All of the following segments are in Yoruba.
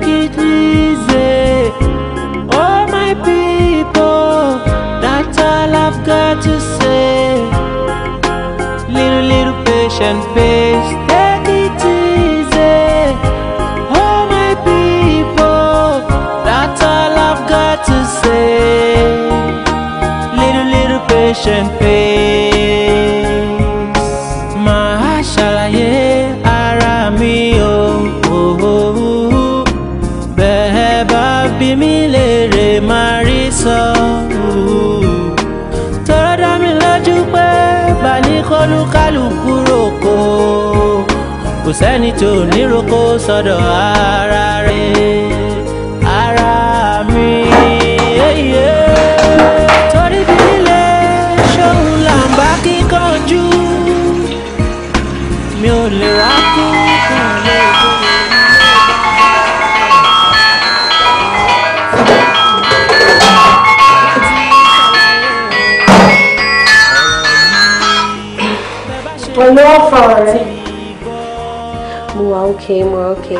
take it easy. Oh, my people, that's all I've got to say. Little, little patience, face, take it easy. Oh, my people, that's all I've got to say. Little, little patient face. kò sẹ́ni tó níroko sọ́dọ̀ ara rẹ̀ ara mi. torí bí ilé ṣóun là ń bá kíkanjú mi ò lè rà kú kí n rẹ̀ okay mo okay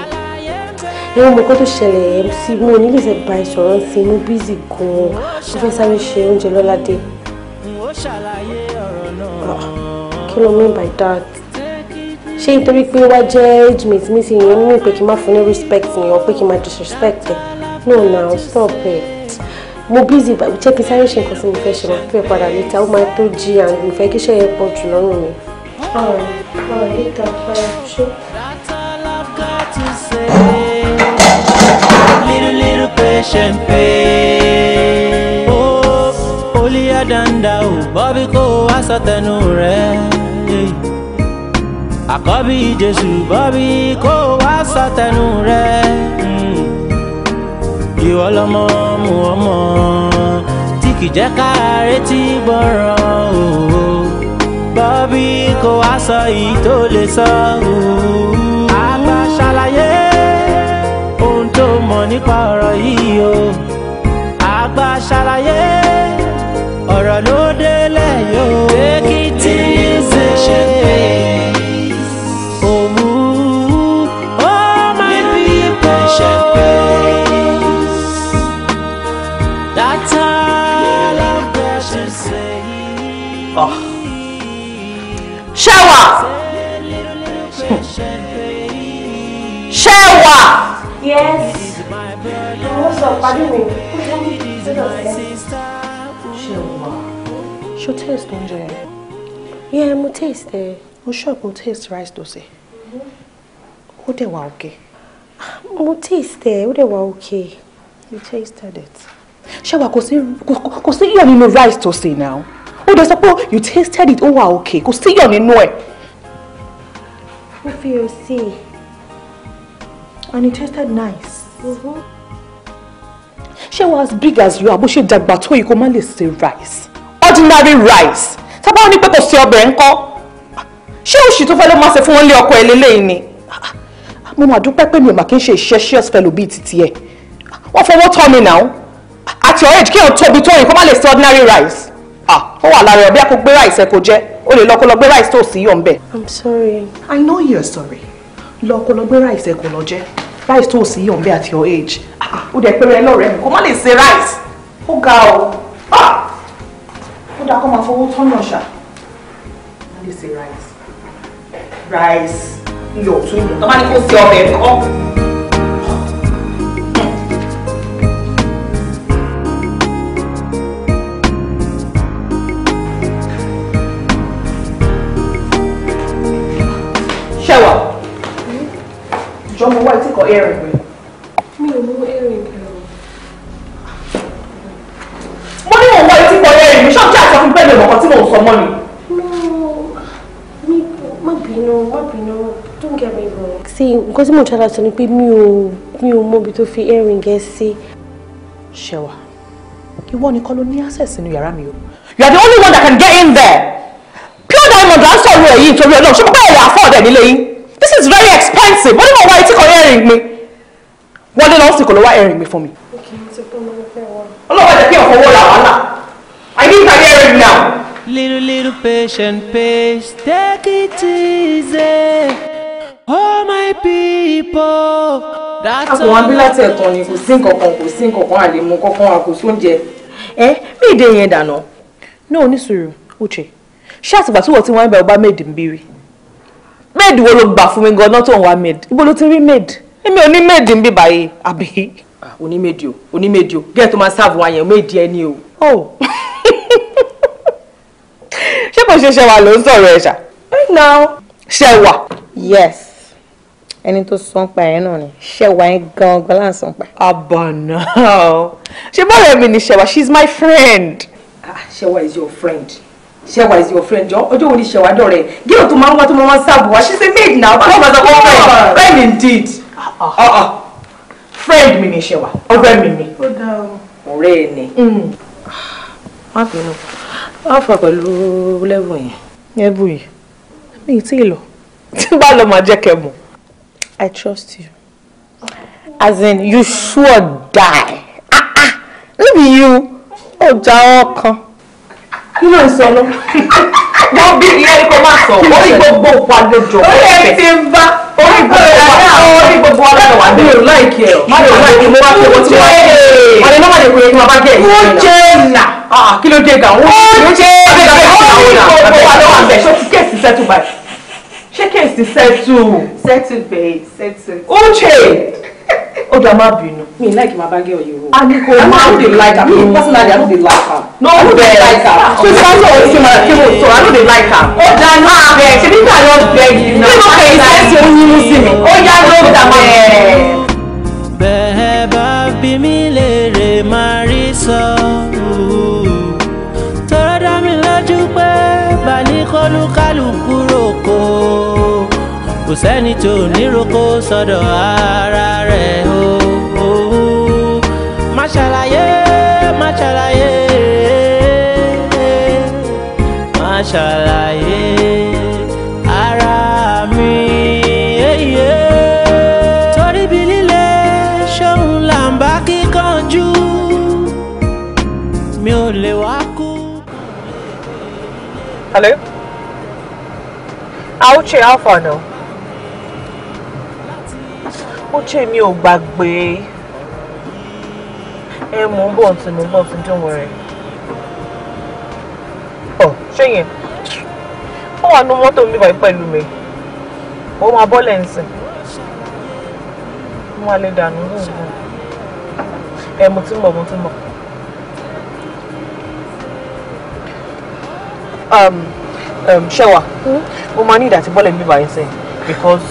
ẹ mọ kó tó ṣẹlẹ̀ sí mo ní lè bá ìṣòro sí mo bízì gan-an mo fẹ́ sáré ṣe oúnjẹ lọ́ládé. Ah, kí ló mean by that? ṣé nítorí pé wá jẹ́ age mate mi sì yẹn mímì pé kí n má fún ní respect yẹn pé kí n má disrespect ẹ̀ no now stop it mo bízì jẹ́ kí n sáré ṣe nǹkan tí mo fẹ́ ṣe máa fẹ́ padà níta ó máa tó jí and mo fẹ́ kí iṣẹ́ yẹn pọ̀ jù lọ́rùn mi. ọ̀rọ̀ ọ̀rọ̀ ìta ọ̀rọ̀ ṣé. Little, little patient pain. Oh, Olya Danda, oh, Bobby Ko, Asatanu Re. Àkọ́bí Jésù, Bobby Ko, Asatanu Re. Ìwọ lọmọ mú ọmọ tí kì jẹ́ ká retí bọ̀rọ̀ o. Bobby Ko, aṣọ yìí tó lè sọ o. Àgbà ṣàlàyé nípa ọ̀rọ̀ yìí o àgbà ṣàlàyé ọ̀rọ̀ ló délẹ̀ yóò èkìtì ṣe ṣe ṣe pé. Shower! Ah. Yes lọ pàdé mi ó ti wọ́n ti taste oúnjẹ yẹn. yẹ mo taste ẹ mo shop mo taste rice dosa. Who ó dẹ̀ okay? I'm mo taste ẹ ó dẹ̀ wà òkè you tasted it. ṣé wà kò you iyọ̀ nínú rice dosa now. ó dẹ̀ sọ you tasted it Oh wà òkè kò you iyọ̀ nínú ẹ̀. ó fi hàn and it tasted nice. Mm-hmm ṣé wàá as big as you are bó ṣe dàgbà tó yìí kó má lè ṣe rice ordinary rice tábà wọn ní pé kò sí ọbẹ̀ ńkọ́ ṣé òṣì tó fẹ́ ló máa ṣe fún wọn lé ọkọ ẹ̀ lélẹ́yìn ni mo mà dúpẹ́ pé mi ò mà kí n ṣe ìṣẹ́ṣẹ́ fellow bíi titi ẹ̀ wọ́n fọwọ́ tọ́ mi náà àti ọ̀rẹ́ ìdíkẹ́ tóbi tó yìí kó má lè ṣe ordinary rice ó wà lára ọ̀bí àkó gbé rice ẹ̀ kò jẹ́ o lè lọ́kọ́ lọ gbé rice tó sì yọ̀ ń bẹ̀. I'm sorry. I know you're sorry. lọ́kọ́ lọ gbé rice ẹ̀ kò lọ jẹ́ rice tó sì yàn bẹ́ẹ̀ at your age ah, ó dẹ̀ pẹ́rẹ́ lọ́rẹ́ mi kò má lè ṣe rice ó ga o ah! ó dà kó máa fowó tọ́nà ṣá má lè ṣe rice rice iyọ̀ tún ìmọ̀ tó bá ní kó ṣe ọbẹ̀ nǹkan. jọ mo wá etí kan erin pẹ̀lú. mi ò mú erin pẹ̀lú. mo ní òun wá etí kan erin mi ṣọ́ọ̀kì àti ọkùnrin pẹ̀lú ọ̀kan tí mò ń sọ mọ́ ni. má bínú má bínú don't get me wrong. sí nǹkan tí mo ń ṣe aláṣọ ni pé mi ò mi ò mọ ibi tó fi erin gẹ̀ sí. ṣẹwà ìwọ nìkan ló ní access sínú yàrá mi o you are the only one that can get in there pure diamond la ń sọ̀rọ̀ èyí nítorí ọlọ́run ṣé mo pẹ́ ẹ̀yà afọ́ ọ̀dẹ̀ nílé yín this is very expensive wọ́n ní mo wá etí kan ẹ̀rìn mi wọ́n ní lọ́wọ́ sì kò ló wá ẹ̀rìn mi fún mi. ọlọ́wọ́ jẹ́ kí ọ̀fọ̀ owó là wà náà I need my earring now. Little, little patient, patient, take it easy. Oh my people, that's all. Àwọn abílá tẹ̀ tán ni kò sí nǹkan kan kò sí nǹkan kan àlèmú kankan wa kò sóúnjẹ. Ẹ mi ìdè yẹn dànù. Náà Uche, ṣé àtìgbà tí wọ́n ti wá ń bẹ ọba maid wo ló gbà fún mi gan-an tó ń wá maid ibo ló ti rí maid èmi ò ní maid ń bí báyìí àbí. onímèdì o onímèdì o gẹ́ẹ̀ tó máa ṣáàbù wa yẹn méèdì ẹni o. Oh. ṣé kò ṣe ṣẹwà ló ń sọ̀rọ̀ ẹ̀ ṣá. now ṣẹwà. yes ẹni tó sọ ń pa ẹ̀ náà ni ṣẹwà yẹn gan-an là ń sọ ń pa. abànà ṣe mi ni ṣẹwà she is my friend. ah ṣẹwà is your friend Shewa is your friend jọ ọjọ́ wo ni Shewa dọ̀rẹ́ gíọ̀ tó máa to Mama. tó máa wá she's a maid now báwo máa sọ fún friend friend indeed ah, ah. Ah, friend mi ni Shewa ọ̀rẹ́ friend, ni ọ̀rẹ́ ni. Hmm. má bínú wá fà pẹ̀lú lẹ́bù yẹn lẹ́bù yìí mi ì tí ì lọ tí bá lọ máa jẹ́ kẹ́ mọ̀. I trust you as in you sure die ah ah Maybe you ọjà ọkàn kí ló ń sọ lọ. wọ́n bí ilé ẹni kò máa sọ orí gbogbo wa ló jọ pé orí ẹ ti ń bá orí gbogbo wa orí gbogbo wa lọ́wọ́ àbí ò láìkí ẹ̀ má lè láìkí mo wá pé wọ́n ti wá ẹ̀ ọ̀rẹ́ náà má lè kúrò ní wàá bá jẹ́ ìlú ìlú ìlú kí ló dé gan ó jẹ́ ẹ̀ka orí gbogbo wa lọ́wọ́ àbẹ̀ ṣó kéèsì sẹ́tù báyìí ṣé kéèsì sẹ́tù. sẹ́tù bẹ́ẹ̀ sẹ́tù. ó jẹ́ ó dá má bínú. mi ì like my baggy or you. a ní kò mọ àwọn like am me personally i no dey like am. no no dey like am. so sanni o ti my kí So sọ i no dey like am. ó dá má bẹ ṣe nígbà yóò bẹ yìí náà. kí ló fẹ́ iṣẹ́ sí oyún sí mi. ó yá ló dá má bẹ. bẹ́ẹ̀ bá bí kò sẹ́ni tó níroko sọ́dọ̀ ara rẹ̀ o. má ṣàlàyé má ṣàlàyé má ṣàlàyé mi. torí bí líle ṣóun là ń bá kíkanjú Hello? Auchi, how far now? ó ṣe mi ò gbàgbé ẹ mò ń bọ̀ tí mò bọ̀ tí don't worry ọ ṣé yẹn ó wà nú mọ́tò mi báyìí pẹ̀lú mi ó máa bọ́ lẹ́ǹsìn mo wà lè dànù ní ìlú ẹ mo ti ń bọ̀ mo ti ń bọ̀. Um, um, ṣẹ́wà hmm? mo máa ní ìdàtí bọ́lẹ̀ mi báyìí sẹ́yìn because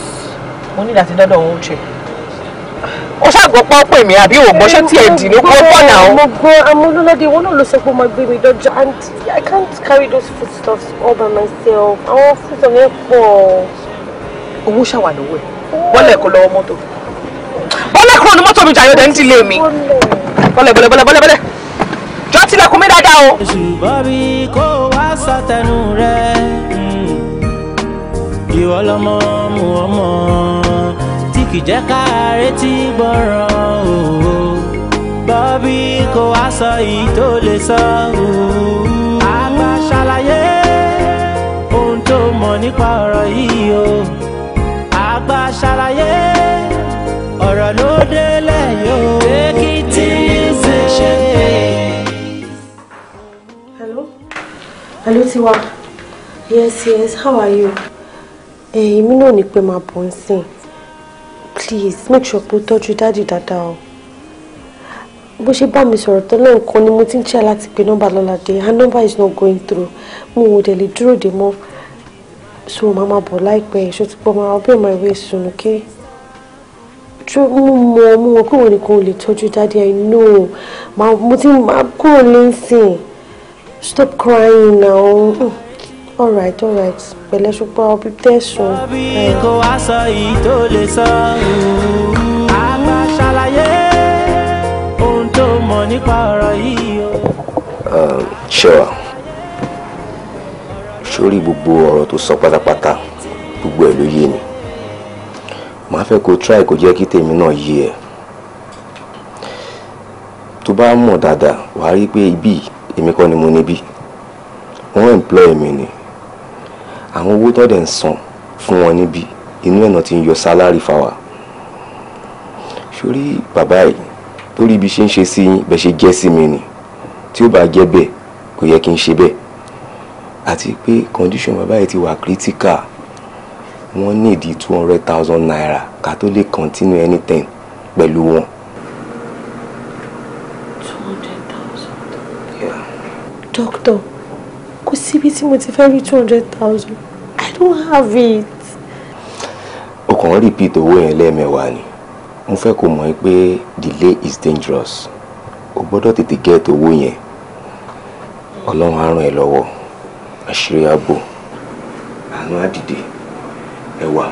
mo ní ìdàtí dọ́dọ̀ òun ó ṣe ó ṣàgbọ́ pọ́ pè àbí òògbọ́n ṣé tí dì ní kó pọ̀ náà. mo amúlọ́lọ́dẹ ìwọ náà ló sọ pé mo gbé mi dọ́jà and I can't carry those food stuffs all by myself àwọn foodstuffs yẹn pọ̀. owó ṣàwà lọ́wọ́ ẹ̀ bọ́lẹ̀ kó lọ́wọ́ mọ́tò bọ́lẹ̀ kúrò ní mọ́tò mi jàre ọ̀dẹ̀ ń dilé mi bọ́lẹ̀ bọ́lẹ̀ bọ́lẹ̀ bọ́lẹ̀ jọ tilẹ̀kùn mi dáadáa o. ṣùgbọ́n bí kò wá sọtẹnu rẹ hmm. ìwọ lọmọ mu ọmọ kì jẹ́ ká retí gbọ́ràn o bọ́bí kò wá sọ yìí tó lè sọ o. àgbà ṣàlàyé ohun tó mọ̀ nípa ọ̀rọ̀ yìí o àgbà ṣàlàyé ọ̀rọ̀ ló délẹ̀ yóò. èkìtì ṣe ṣe pé. hello hello tiwa yes yes how are you? Eh, èyí mi náà ní pé máa bọ̀ ń sìn please make sure pé o tọ́jú daddy dáadáa o bó ṣe ba mi sọ̀rọ̀ tẹ́lẹ̀ nǹkan ni mo ti ń ṣe láti pe nọ́mbà lọ́ládé her number is not going through mo ò dẹ̀ lè dúró dè so màá máa bọ̀ láìpẹ́ ìṣó ti pọ̀ máa bí my way soon okay So mo mọ mo mọ kúrò nìkan ò lè tọ́jú dáàdì I know mo ti máa kúrò lẹ́sìn stop crying now. Mm. Alright, alright. all right pẹ̀lẹ́ ṣùgbọ́n ọbí tẹ̀sán. ọbí kò wá sọ yìí tó lè sọ àgbà ṣàlàyé ohun tó mọ̀ nípa ọ̀rọ̀ yìí o. Um, ṣẹ́wà sórí gbogbo ọ̀rọ̀ tó sọ pátápátá gbogbo ẹ̀ ló yé ni màá fẹ́ kó try kó jẹ́ kí tèmi náà yé ẹ̀ tó bá mọ̀ dáadáa wàá rí pé ibi èmi kọ́ ni mo níbí wọ́n employ mi ni àwọn owó tó dẹ̀ ń san fún wọn níbi inú ẹ̀nà ti ń yọ sálárì fáwa sórí bàbá yìí lórí ibi ṣe ń ṣe sí bẹ́ẹ̀ ṣe jẹ́ sí mi ni tí ó bá jẹ́ bẹ́ẹ̀ kò yẹ kí n ṣe bẹ́ẹ̀ àti pé condition bàbá yìí ti wà critical wọ́n ní ìdí two hundred thousand naira ká tó lè continue anything pẹ̀lú wọn. two hundred thousand. Yeah. doctor kò síbi tí mo ti fẹ́ rí two hundred thousand i don't have it. o kàn ń repeat owó yẹn lẹ́ẹ̀mẹ́wàá ni mo fẹ́ kó mọ̀ pé delay is dangerous o gbọ́dọ̀ tètè get owó yẹn ọlọ́run á ràn ẹ́ lọ́wọ́ àṣírí ààbò àánú á dìde ẹwà.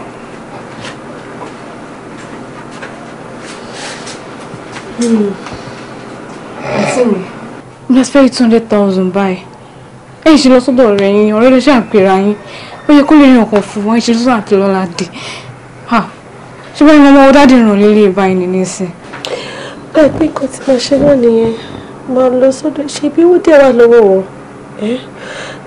Hmm. That's very 200,000 bye ẹ ṣe lọ sọ́dọ̀ rẹ̀ yín ọ̀rẹ́ ló ṣàpèrà yín ó yẹ kó lè rìn ọkàn fún wọn ẹ ṣe lọ sọ́dọ̀ àti lọ́la dé ṣé báyìí wọn máa dáàdì ràn lílé báyìí ní nísìn. ẹ pé kò tí mo ṣe náà nìyẹn mo lọ sọ́dọ̀ ṣe bí wọn dẹ wà lọ́wọ́ wọn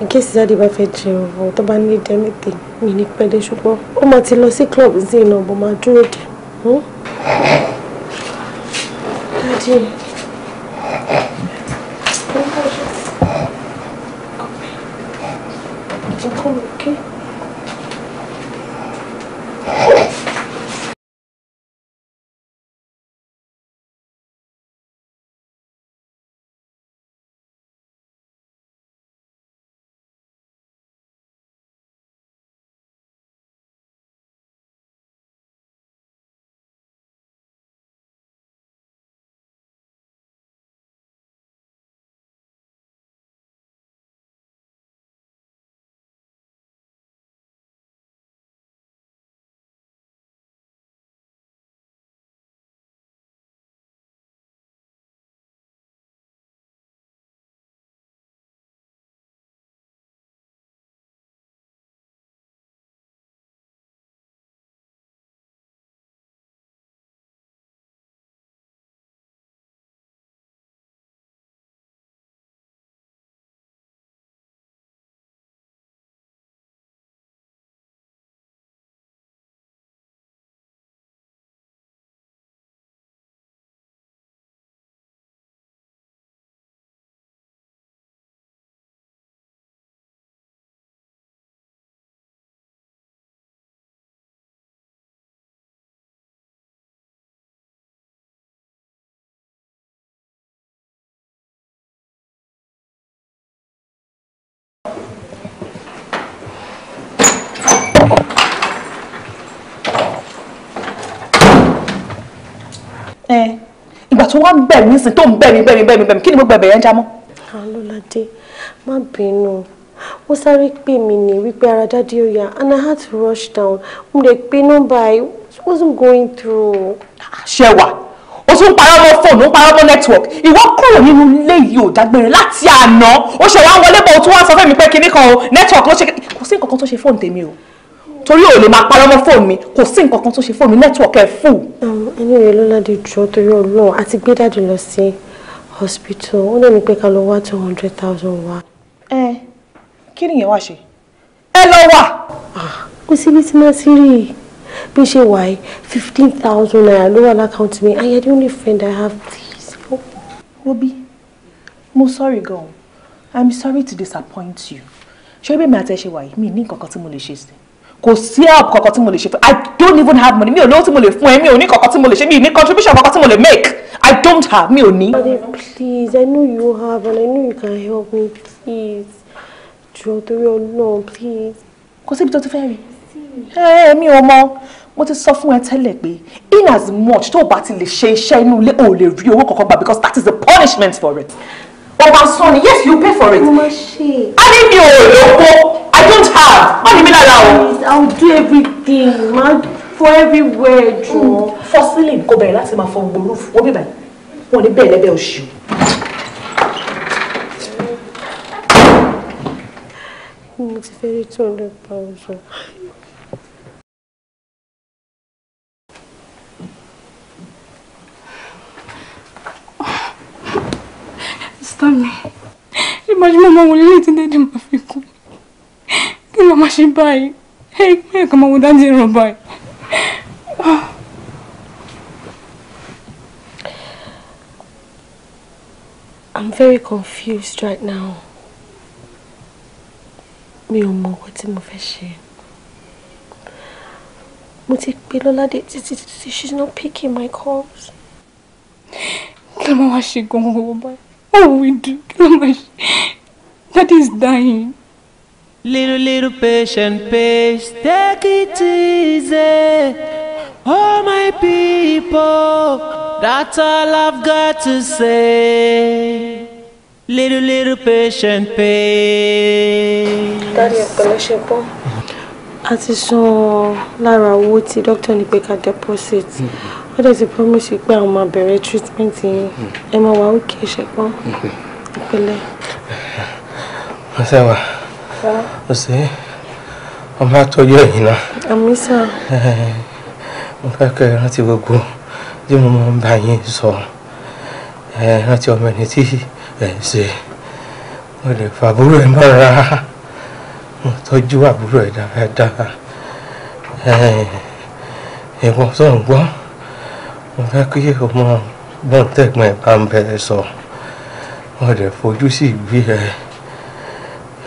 in case jáde bá fẹ́ jẹun ọ tó bá ní dẹ mẹtẹ mi ní pẹ̀lẹ́ ṣùgbọ́n ó máa ti lọ sí club zina ọbọ máa dúró dé. Hmm? dáàdì wá bẹ̀ mí sí tó ń bẹ̀ mí bẹ̀ mí bẹ̀ mí bẹ̀ mí kí ni mo gbẹ̀bẹ̀ yẹn já mọ́. alóládé má bínú wọ́n sáré pè mí ní wípé ara dáadé ó yá and i had to rush down mo lè pe nọ́mbà i wasn't going through. ṣẹwà o tún parọ́ mọ́ fóònù o parọ́ mọ́ network ìwọ kúrò nínú ilé yìí ò dágbére láti àná o ṣe wá wọlé bọ̀ o tún wá sọ fún mi pé kinní kan o network ló ṣe kò sí nǹkan kan tó ṣe fóònù tèmi o torí ò lè máa parọ́ mọ́ fóònù mi kò sí nǹkan kan tó ṣe fóònù mi nẹ́tíwọ̀kì ẹ̀ fù. ẹni rẹ ló láti jọ torí Ọlọ́run àti gbé dáàdì lọ sí hospital ó lè ní pé ká lọ wá two hundred thousand wá. ẹ kí nìyẹn wá ṣe ẹ lọ wà. Ah, kò síbi tí màá sí rí i bí ṣe wà yìí fifteen thousand naira ló wà lákàntì mi I am the only friend I have please help. Obi mo sorry gan I'm sorry to disappoint you ṣé bí mi àti ẹ ṣe wà yìí mi ní nǹkan kan tí mo lè ṣe sí i kò sí help kankan tí mo lè ṣe fún i don't even have money mi ò lówó tí mo lè fún ẹ mi ò ní kankan tí mo lè ṣe mi ní contribution kankan tí mo lè make i don't have mi ò ní. Daddy please i know you have and i know you can help me please jọ̀ọ́ torí Ọlọ́run please. kò síbi tó ti fẹ́ rí ẹ mi ò mọ mo ti sọ fún ẹ tẹ́lẹ̀ pé in as much tó o bá ti lè ṣe iṣẹ́ inú ilé o lè rí owó kankan gbà because that is the punishment for it ọba sọ yes you pay for it. mo ṣe. a ní mi ò i don't have má ní mi lára o. i will do everything ma for everywhere jù. Mm, fọ sílẹ̀ kò bẹ̀rẹ̀ láti máa fọ gbòòrò fún wọn bí báyìí wọn ní bẹ́ẹ̀ lẹ́bẹ̀ẹ́ oṣù. mo ti fẹ́ rí two hundred pounds. sítá mi ẹ máa ṣe máa wọ ilé tí dẹ́dí máa fi kú kí ló máa ṣe báyìí ẹ ẹ kàn máa wọ ah. I'm very confused right now. Mi ò mọ nǹkan tí mo fẹ́ she's not picking my calls. Kí ló máa wá ṣe gan-an gbogbo What will we do? Kí ló máa is dying. Little little patient patient, take it easy. All my people, that's all I've got to say. Little little patient patient. Daddy, I'm going to a ti san lára owó tí dókítà ní pé ká deposit hmm. ó dẹ̀ ti promise pé àwọn máa bẹ̀rẹ̀ treatment yẹn ẹ máa wà òkè ṣẹ̀gbọ́n ìpínlẹ̀. ọ̀sẹ̀ wa ọ̀sẹ̀ ọmọ àtọ́jú ẹ̀yìn náà. àmì sà. mo fẹ́ kẹ́ ẹ rántí gbogbo tí mo máa ń bá yín sọ ẹ rántí ọmọ ẹni tí ẹ ń ṣe mo lè fàbúrò ẹ mọ́ra wọ́n tọ́jú àbúrò ẹ̀ dáadáa ìwọ tó ń gbọ́ mo fẹ́ kí o mọ gbọ́ǹtẹ̀gbọ́n ẹ̀ bá ń bẹ̀rẹ̀ sọ wọ́n dẹ̀ fojú sí ìgbé ẹ̀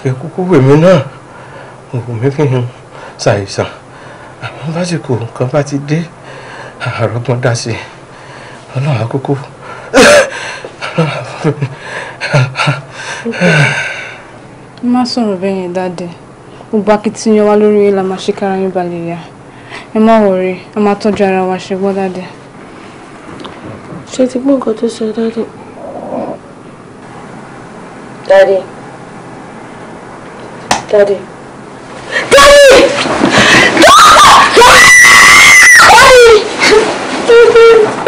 ìkúkú wèmí náà òwòmí kí n ṣàìsàn àwọn básìkò nǹkan bá ti dé àrọ́gbọ́n dá sí ọlọ́run àkókò má sọ̀rọ̀ bẹ́yẹn dáadé gbogbo akitiyan wa lórí la máa ṣe kára yín balẹ̀ yá ẹ má wọrí a máa tọ́jú ara wa ṣe gbọ́ dáadé. ṣé ti gbọ́ nǹkan tó sọ dáadé. dáadé dáadé. dáadé dáadé.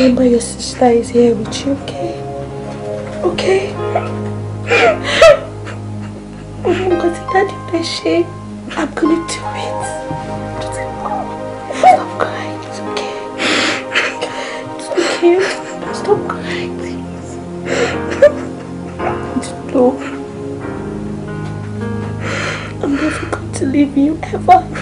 Remember your sister is here with you, okay? Okay? I'm going to daddy the I'm gonna do it. Stop crying, it's okay. It's okay. Stop crying, please. No. I'm never going to leave you ever.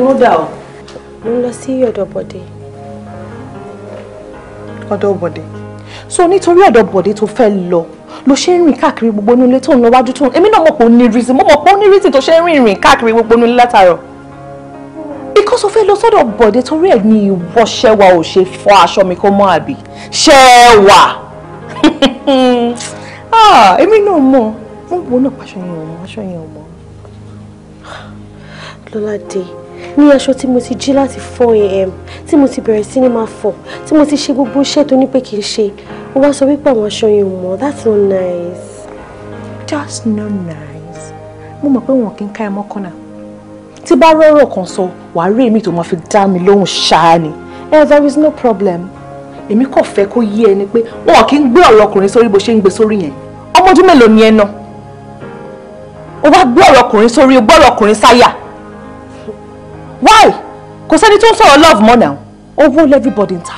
ló dà ọ́. mo ń lọ sí ọ̀dọ̀ bọ̀dé. ọ̀dọ̀ bọ̀dé so nítorí ọ̀dọ̀ bọ̀dé tó fẹ́ lọ ló ṣe ń rìn káàkiri gbogbo inú ilé tó ń lọ wájú tó ń èmi náà mọ̀ pé ó ní reason mo mọ̀ pé ó ní reason tó ṣe ń rìn rìn káàkiri gbogbo inú ilé látàárọ̀ because o fẹ́ lọ sọ́dọ̀ bọ̀dé torí ẹ̀ ní ìwọ ṣẹwà ò ṣe fọ aṣọ mi kó mọ́ àbí ṣẹwà ah, èmi náà mọ̀ wọ́n wo náà pàṣọ yẹn ò mọ̀ aṣọ yẹn ò mọ̀ lọ́ládé ní aṣọ tí mo ti jí láti 4am tí mo ti bẹ̀rẹ̀ sí ní máa fọ̀ tí mo ti ṣe gbogbo iṣẹ́ tó ní pé kì í ṣe ó wá sọ wípé àwọn aṣọ yẹn ò mọ́ that's not nice. Just no nice. mo mọ̀ pé wọn kì í ká ẹ mọ́kàn náà tí bá rọ́rọ̀ kan sọ wàá rí èmi tó máa fi dá mi lóhùn ṣáá ni eh there is no problem èmi kò fẹ́ kó yé ẹni pé wọn kì í gbé ọ̀rọ̀ ọkùnrin sórí bó ṣe ń gbé sórí yẹn ọmọ ọdún mélòó ni ẹ náà ó wá gbé ọ̀rọ̀ ọkùnrin sórí ó gbọ́ ọ̀rọ̀ ọkùnrin sáyà why kò sẹ́ni tó ń sọ̀rọ̀ love mọ́ náà owó everybody in ta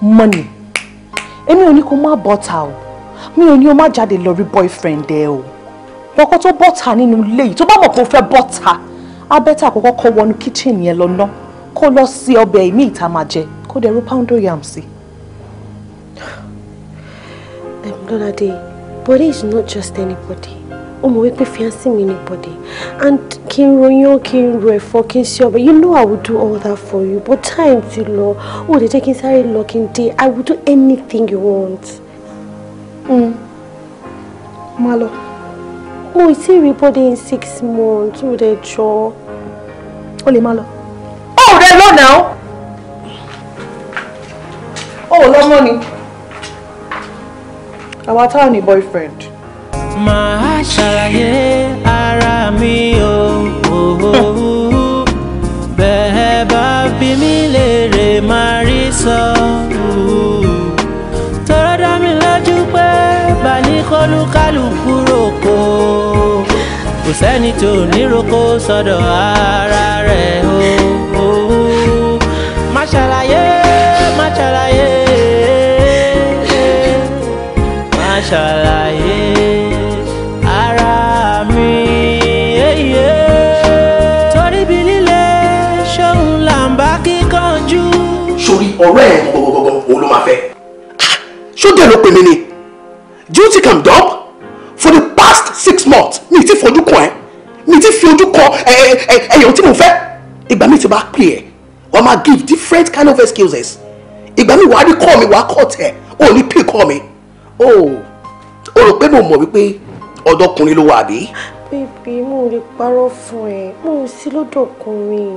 money èmi only come kó má bọ́ta o mi ò ní o boyfriend there. But lọ́kọ́ tó bọ́ta in late. yìí tó bá mọ̀ butter. I better go abẹ́tà àkọ́kọ́ kó wọnú kitchen yẹn lọ ná kó lọ sí ọbẹ̀ ìmí ìta máa jẹ kó dẹ̀ ro poundo yam sí. Lọ́ládé, body is not just anybody ó mọ̀ wípé fiancé mi ni bọ̀dé and kí n ròyàn kí n ro ẹ̀fọ́ kí n ṣe you know I would do all that for you but time ti lọ ó lè jẹ́ kí n sáré lọ kí I would do anything you want. Mm. máa lọ. mo ì tí ì rí in six months ó dẹ̀ jọ. ó lè má lọ. ó now. lọ́nà ó lọ́mọ ni àwa táwọn ní boyfriend máa ṣàlàyé ara mi o. bẹ́ẹ̀ bá bí mi léèrè máa rí sọ. tọ́rọ dá mi lójú pé bá ní kọlùkálùkù roko kò sẹ́ni tó níroko sọ́dọ̀ ara rẹ̀ o. máa ṣàlàyé máa ṣàlàyé máa ṣàlàyé. ọ̀rẹ́ ẹ̀ gbọ̀gbọ̀gbọ̀ òun ló máa fẹ́. ṣódẹ̀ ló pè mí ni do you think I'm dumb for the past six months mi ti fojú kan ẹ mi ti fi ojú kan ẹyọ tí mo fẹ́ ìgbà mi ti bá pè ẹ wọ́n máa give different kind of excuses ìgbà mi wàá rí kọ́ mi wàá kọ́ tẹ̀ ò ní pè kọ́ mi o rò pé mo mọ̀ wípé ọ̀dọ́kùnrin ló wà bí bèbí mo lè parọ́ fún ẹ mo ò sí lọ́dọ̀ ọkùnrin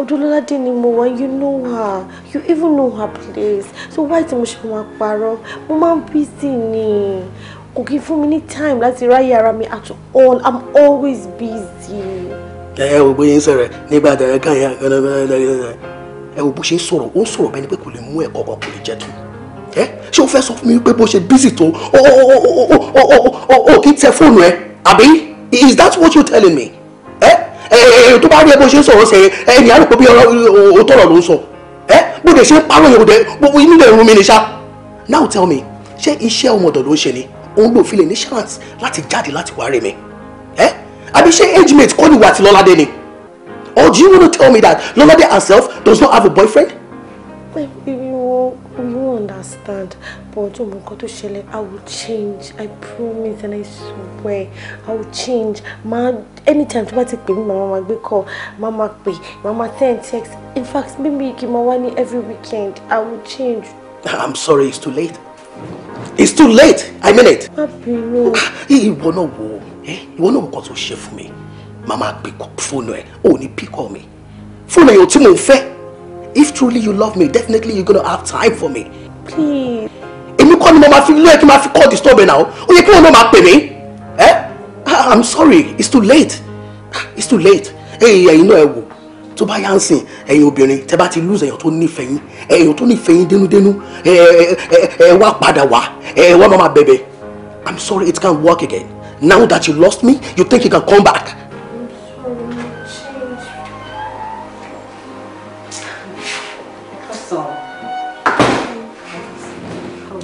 odúlọ́ládé ni mo wá you know her you even know her place so why tí mo ṣe máa parọ́ mo máa ń busy ni kò kí n fún mi ní time láti ráyè ara mi at all i'm always busy. ẹ ẹ wò bóyá ń sọ̀rọ̀ nígbà tẹ̀rẹ̀ kan yẹn ẹ wò bó ṣe ń sọ̀rọ̀ ó ń sọ̀rọ̀ bẹ́ẹ̀ ni pé kò lè mú ẹ̀kọ́ kan kò lè jẹ́ tó ẹ ṣé o fẹ́ sọ fún mi pé bó ṣe busy. tó o kì í tẹ fóònù ẹ àbí is that what you telling me? ẹ eh? eh, eh, tó bá rí ẹ bó ṣe ń sọ̀rọ̀ ṣe ẹ ní àrùn pé bí o tọrọ ló ń sọ ẹ bó de ṣe ń parọ́ yẹn gbogbo inú lè mi ní ṣá. now tell me ṣé iṣẹ́ ọmọ ọ̀dọ̀ ló ń ṣe ni òun ló fi lè ní chance láti jáde láti wá rẹ̀ mi ẹ àbí ṣé age mate kọ́ ni wà tí lọ́ládé ni or do you want to tell me that lọ́ládé herself does not have a boyfriend. you won't understand but ọmọ nǹkan tó ṣẹlẹ̀ i will change i promise and i swear i will change ma anytime tó bá ti pè mí màmá ma gbé call mama ma mama send text in fact maybe kí n ma wá every weekend i will change. i'm sorry it's too late it's too late i mean it. má bínú. Ah, eh, ìwọ náà wò ó eh, ìwọ náà wò kàn tó for me. Mama màmá phone fóònù ẹ ò pick píkọ me. fóònù ẹ yóò tí mò ń if truly you love me definitely you're gonna have time for me. please èmi kọ́ ni mo máa fi lóye kí n máa fi call disturb ẹ̀ náà ó yẹ kí wọn máa pè mí ah, i'm sorry it's too late ah, it's too late ẹ̀yìn ẹ̀yìn náà ẹ̀ wò tó bá yá ń sìn ẹ̀yin obìnrin tẹ́ bá ti lose èèyàn tó nífẹ̀ẹ́ yín èèyàn tó nífẹ̀ẹ́ yín dénúdénú ẹ ẹ wá padà wá ẹ wá máa bẹ̀bẹ̀ i'm sorry it can't work again now that you lost me you think you can come back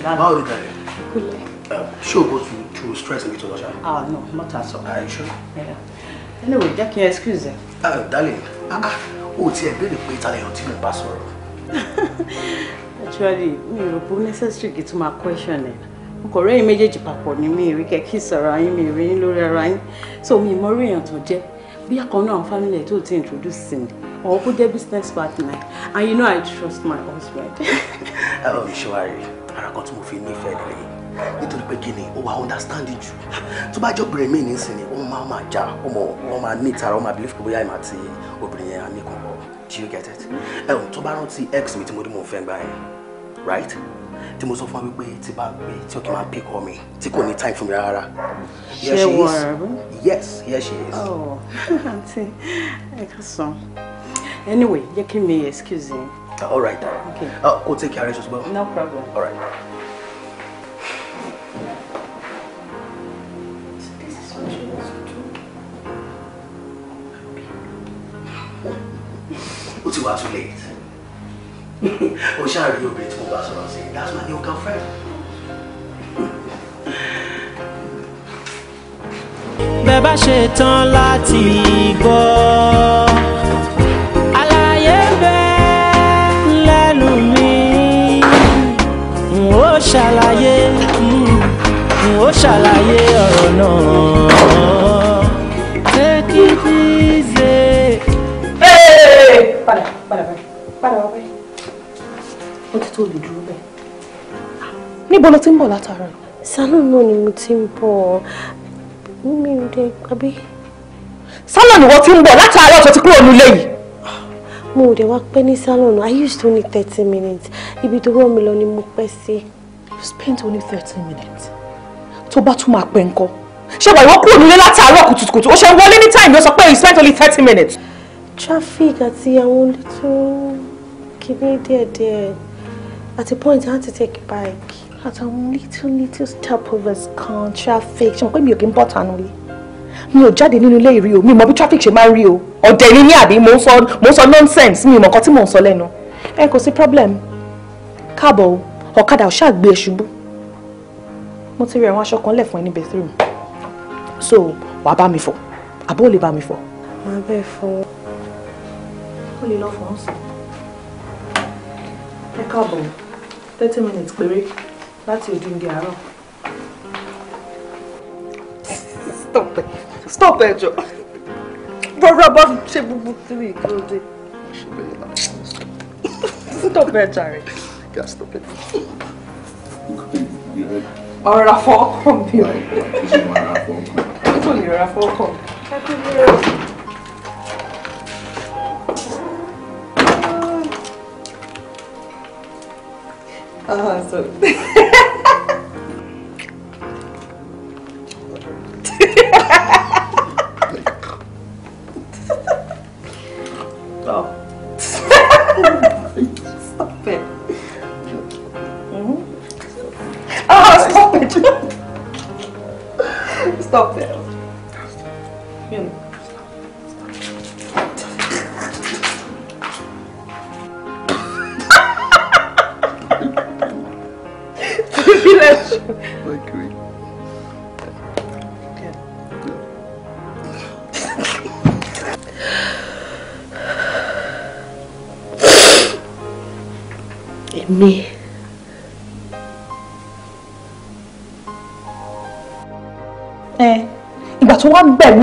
Báwo ni Dare? Kúlẹ̀. Ṣé o go to to stress mi tó lọ ṣá? Ah no, not at all. Are you sure? Yeah. Anyway, jẹ́ kí n excuse me. Ah darling, ah oh, o ti ẹ̀ béèrè pé ìtàlẹ̀ yàn tí mo Actually, mi ò rò pé necessary kí tún máa question ẹ̀ n kò rẹ́yìn méjèèjì papọ̀ ní mi rí kẹ́kí sọ̀rọ̀ ayín mi rí lórí ara yín so mi mọ orí èèyàn tó jẹ́ bí àkànná àwọn family ẹ̀ tó ti introduce sí mi ọ̀hún kó business partner and you know I trust my husband. Oh, ò sure ara kan tí mo fi nífẹ̀ẹ́ rẹ̀ nítorí pé kíni ó wà understanding jù tó bá jọ obìnrin míì nísìnyí ó máa máa já ó mọ ó máa ní ìtara ó máa believe pé bóyá ìmọ̀ àti obìnrin yẹn á ní kan bọ̀ do you get it ẹ ò tó bá rántí ex mi tí mo dé mo fẹ́ gbà yẹn right tí mo sọ fún wa wípé tí bá gbé tí òkè máa pick on mi tí kò ní time fún mi rárá. ṣé wọ àrùn. yes yes she is. ọ̀ oh, àǹtí ẹ ká sọ anyway jẹ́ kí mi excuse yín later. All right. Okay. Uh, go take your as well. No problem. All right. ó ti wá too late o ṣáà rí obìnrin tí mo bá sọ̀rọ̀ sí that's my new girlfriend. bẹ́ẹ̀ bá ṣe tán láti gbọ́. ṣàlàyé mm, ó ṣàlàyé ọ̀rọ̀ náà. take it easy. padà padà báyìí padà wá báyìí ó ti tó olùdúró bẹ́ẹ̀. níbo ló ti ń bọ̀ látara. salon náà ni mo ti ń bọ̀ mi ò dé gbàgbé. salon ni wọ́n ti ń bọ̀ látara ọ̀tọ̀ ti kúrò nílé yìí mo ò dẹ̀ wá pẹ́ ní salon i used only thirty minutes ibi tó rọ̀ mi lọ ni mo pẹ́ sí. You spent only thirteen minutes. Tó bá tún máa pẹ́ ńkọ́. Ṣé wàá ìwọ kúrò nílé látàárọ̀ kùtùkùtù? Ó ṣe ń wọlé ní time ló sọ pé you spent only thirty minutes. Traffic àti àwọn there, there. At àti point I had to take a bike. Àtàwọn little little stopovers kan traffic ṣe mọ̀ pé mi ò Me, ń bọ̀ tánú lé mi ò jáde nínú ilé ìrí o mi mọ bí traffic ṣe máa ń rí o ọ̀dẹ̀ ni ní àbí mo ń sọ mo ń nonsense mi ò mọ nǹkan tí mò ń sọ lẹ́nu ẹ problem káàbọ̀ ọ̀kadà ò ṣáà gbé e ṣubú mo ti rí àwọn aṣọ kan lẹ̀ fún ẹ ní bathroom so wàá bá mi fọ àbó lè bá mi fọ. màá bẹ́ẹ̀ fọ. ó lè lọ fọ ọ́n sùn. ẹ káàbọ̀ thirty minutes péré láti òdìndín àárọ̀. stop ẹ stop ẹ jọ rọra bá ṣe gbogbo three kí ló dé. stop ẹ jàre. Just stop it. Or a four combi. It's only a four Ah, so. Stop it.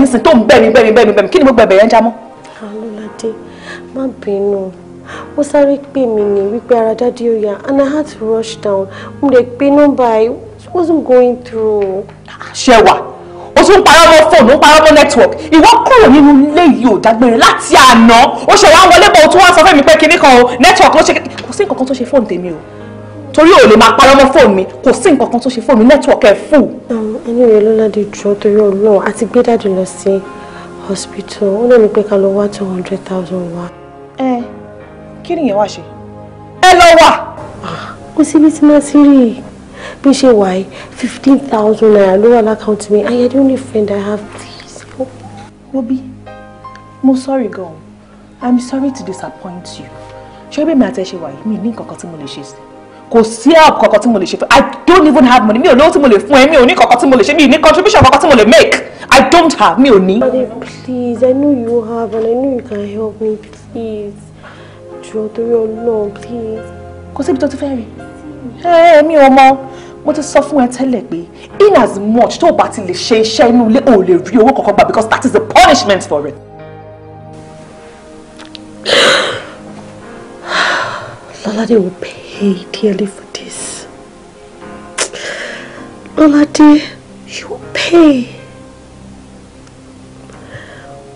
nísìnyí tó ń bẹ̀ mí bẹ̀ mí bẹ̀ mí bẹ̀ mí kí ni mo gbẹ̀bẹ̀ yẹn já mọ́. alólàdé má bínú ó sáré pè mí ní wípé ara dáadé ó yá and i had to rush down mo lè pe nọ́mbà i wasn't going through. ṣẹwà o tún parọ́ mọ́ fóònù o parọ́ mọ́ network ìwọ kúrò nínú ilé yìí ò dágbére láti àná o ṣe wá wọlé bọ̀ o tún wá sọ fún mi pé kinní kan o network ló ṣe kò sí nǹkan kan tó ṣe fóònù tèmi o torí ò lè máa parọ́ mọ́ fóònù mi kò sí nǹkan kan tó ṣe fóònù mi nẹ́tíwọ̀kì ẹ̀ fún. ẹni rẹ ló láti jọ torí Ọlọ́run àti gbé dáàdì lọ sí hospital ó lè ní pé ká lọ wá two hundred thousand wa. ẹ kí nìyẹn wá ṣe ẹ lọ wà. Ah, kò síbi tí màá ti rí i bí ṣe wà yìí fifteen thousand naira ló wà lákàntì mi I am the only friend I have please help. wobi mo sorry gan-an I'm sorry to disappoint you ṣé bí mi àti ẹ ṣe wà yìí mi ní nǹkan kan tí mo lè ṣe sí i kò sí help kankan tí mo lè ṣe fún i don't even have money mi ò lówó tí mo lè fún ẹ mi ò ní kankan tí mo lè ṣe mi ní contribution kankan tí mo lè make i don't have mi ò ní. Daddy please i know you have and i know you can help me please jọ̀ọ́ torí Ọlọ́run please. kò síbi tó ti fẹ́ rí ẹ mi ò mọ mo ti sọ fún ẹ tẹ́lẹ̀ pé in as much tó o bá ti lè ṣe iṣẹ́ inú ilé o lè rí owó kankan gbà because that is the punishment for it. Lọ́ládé will pay pay dearly for this. Lọ́ládé, you pay.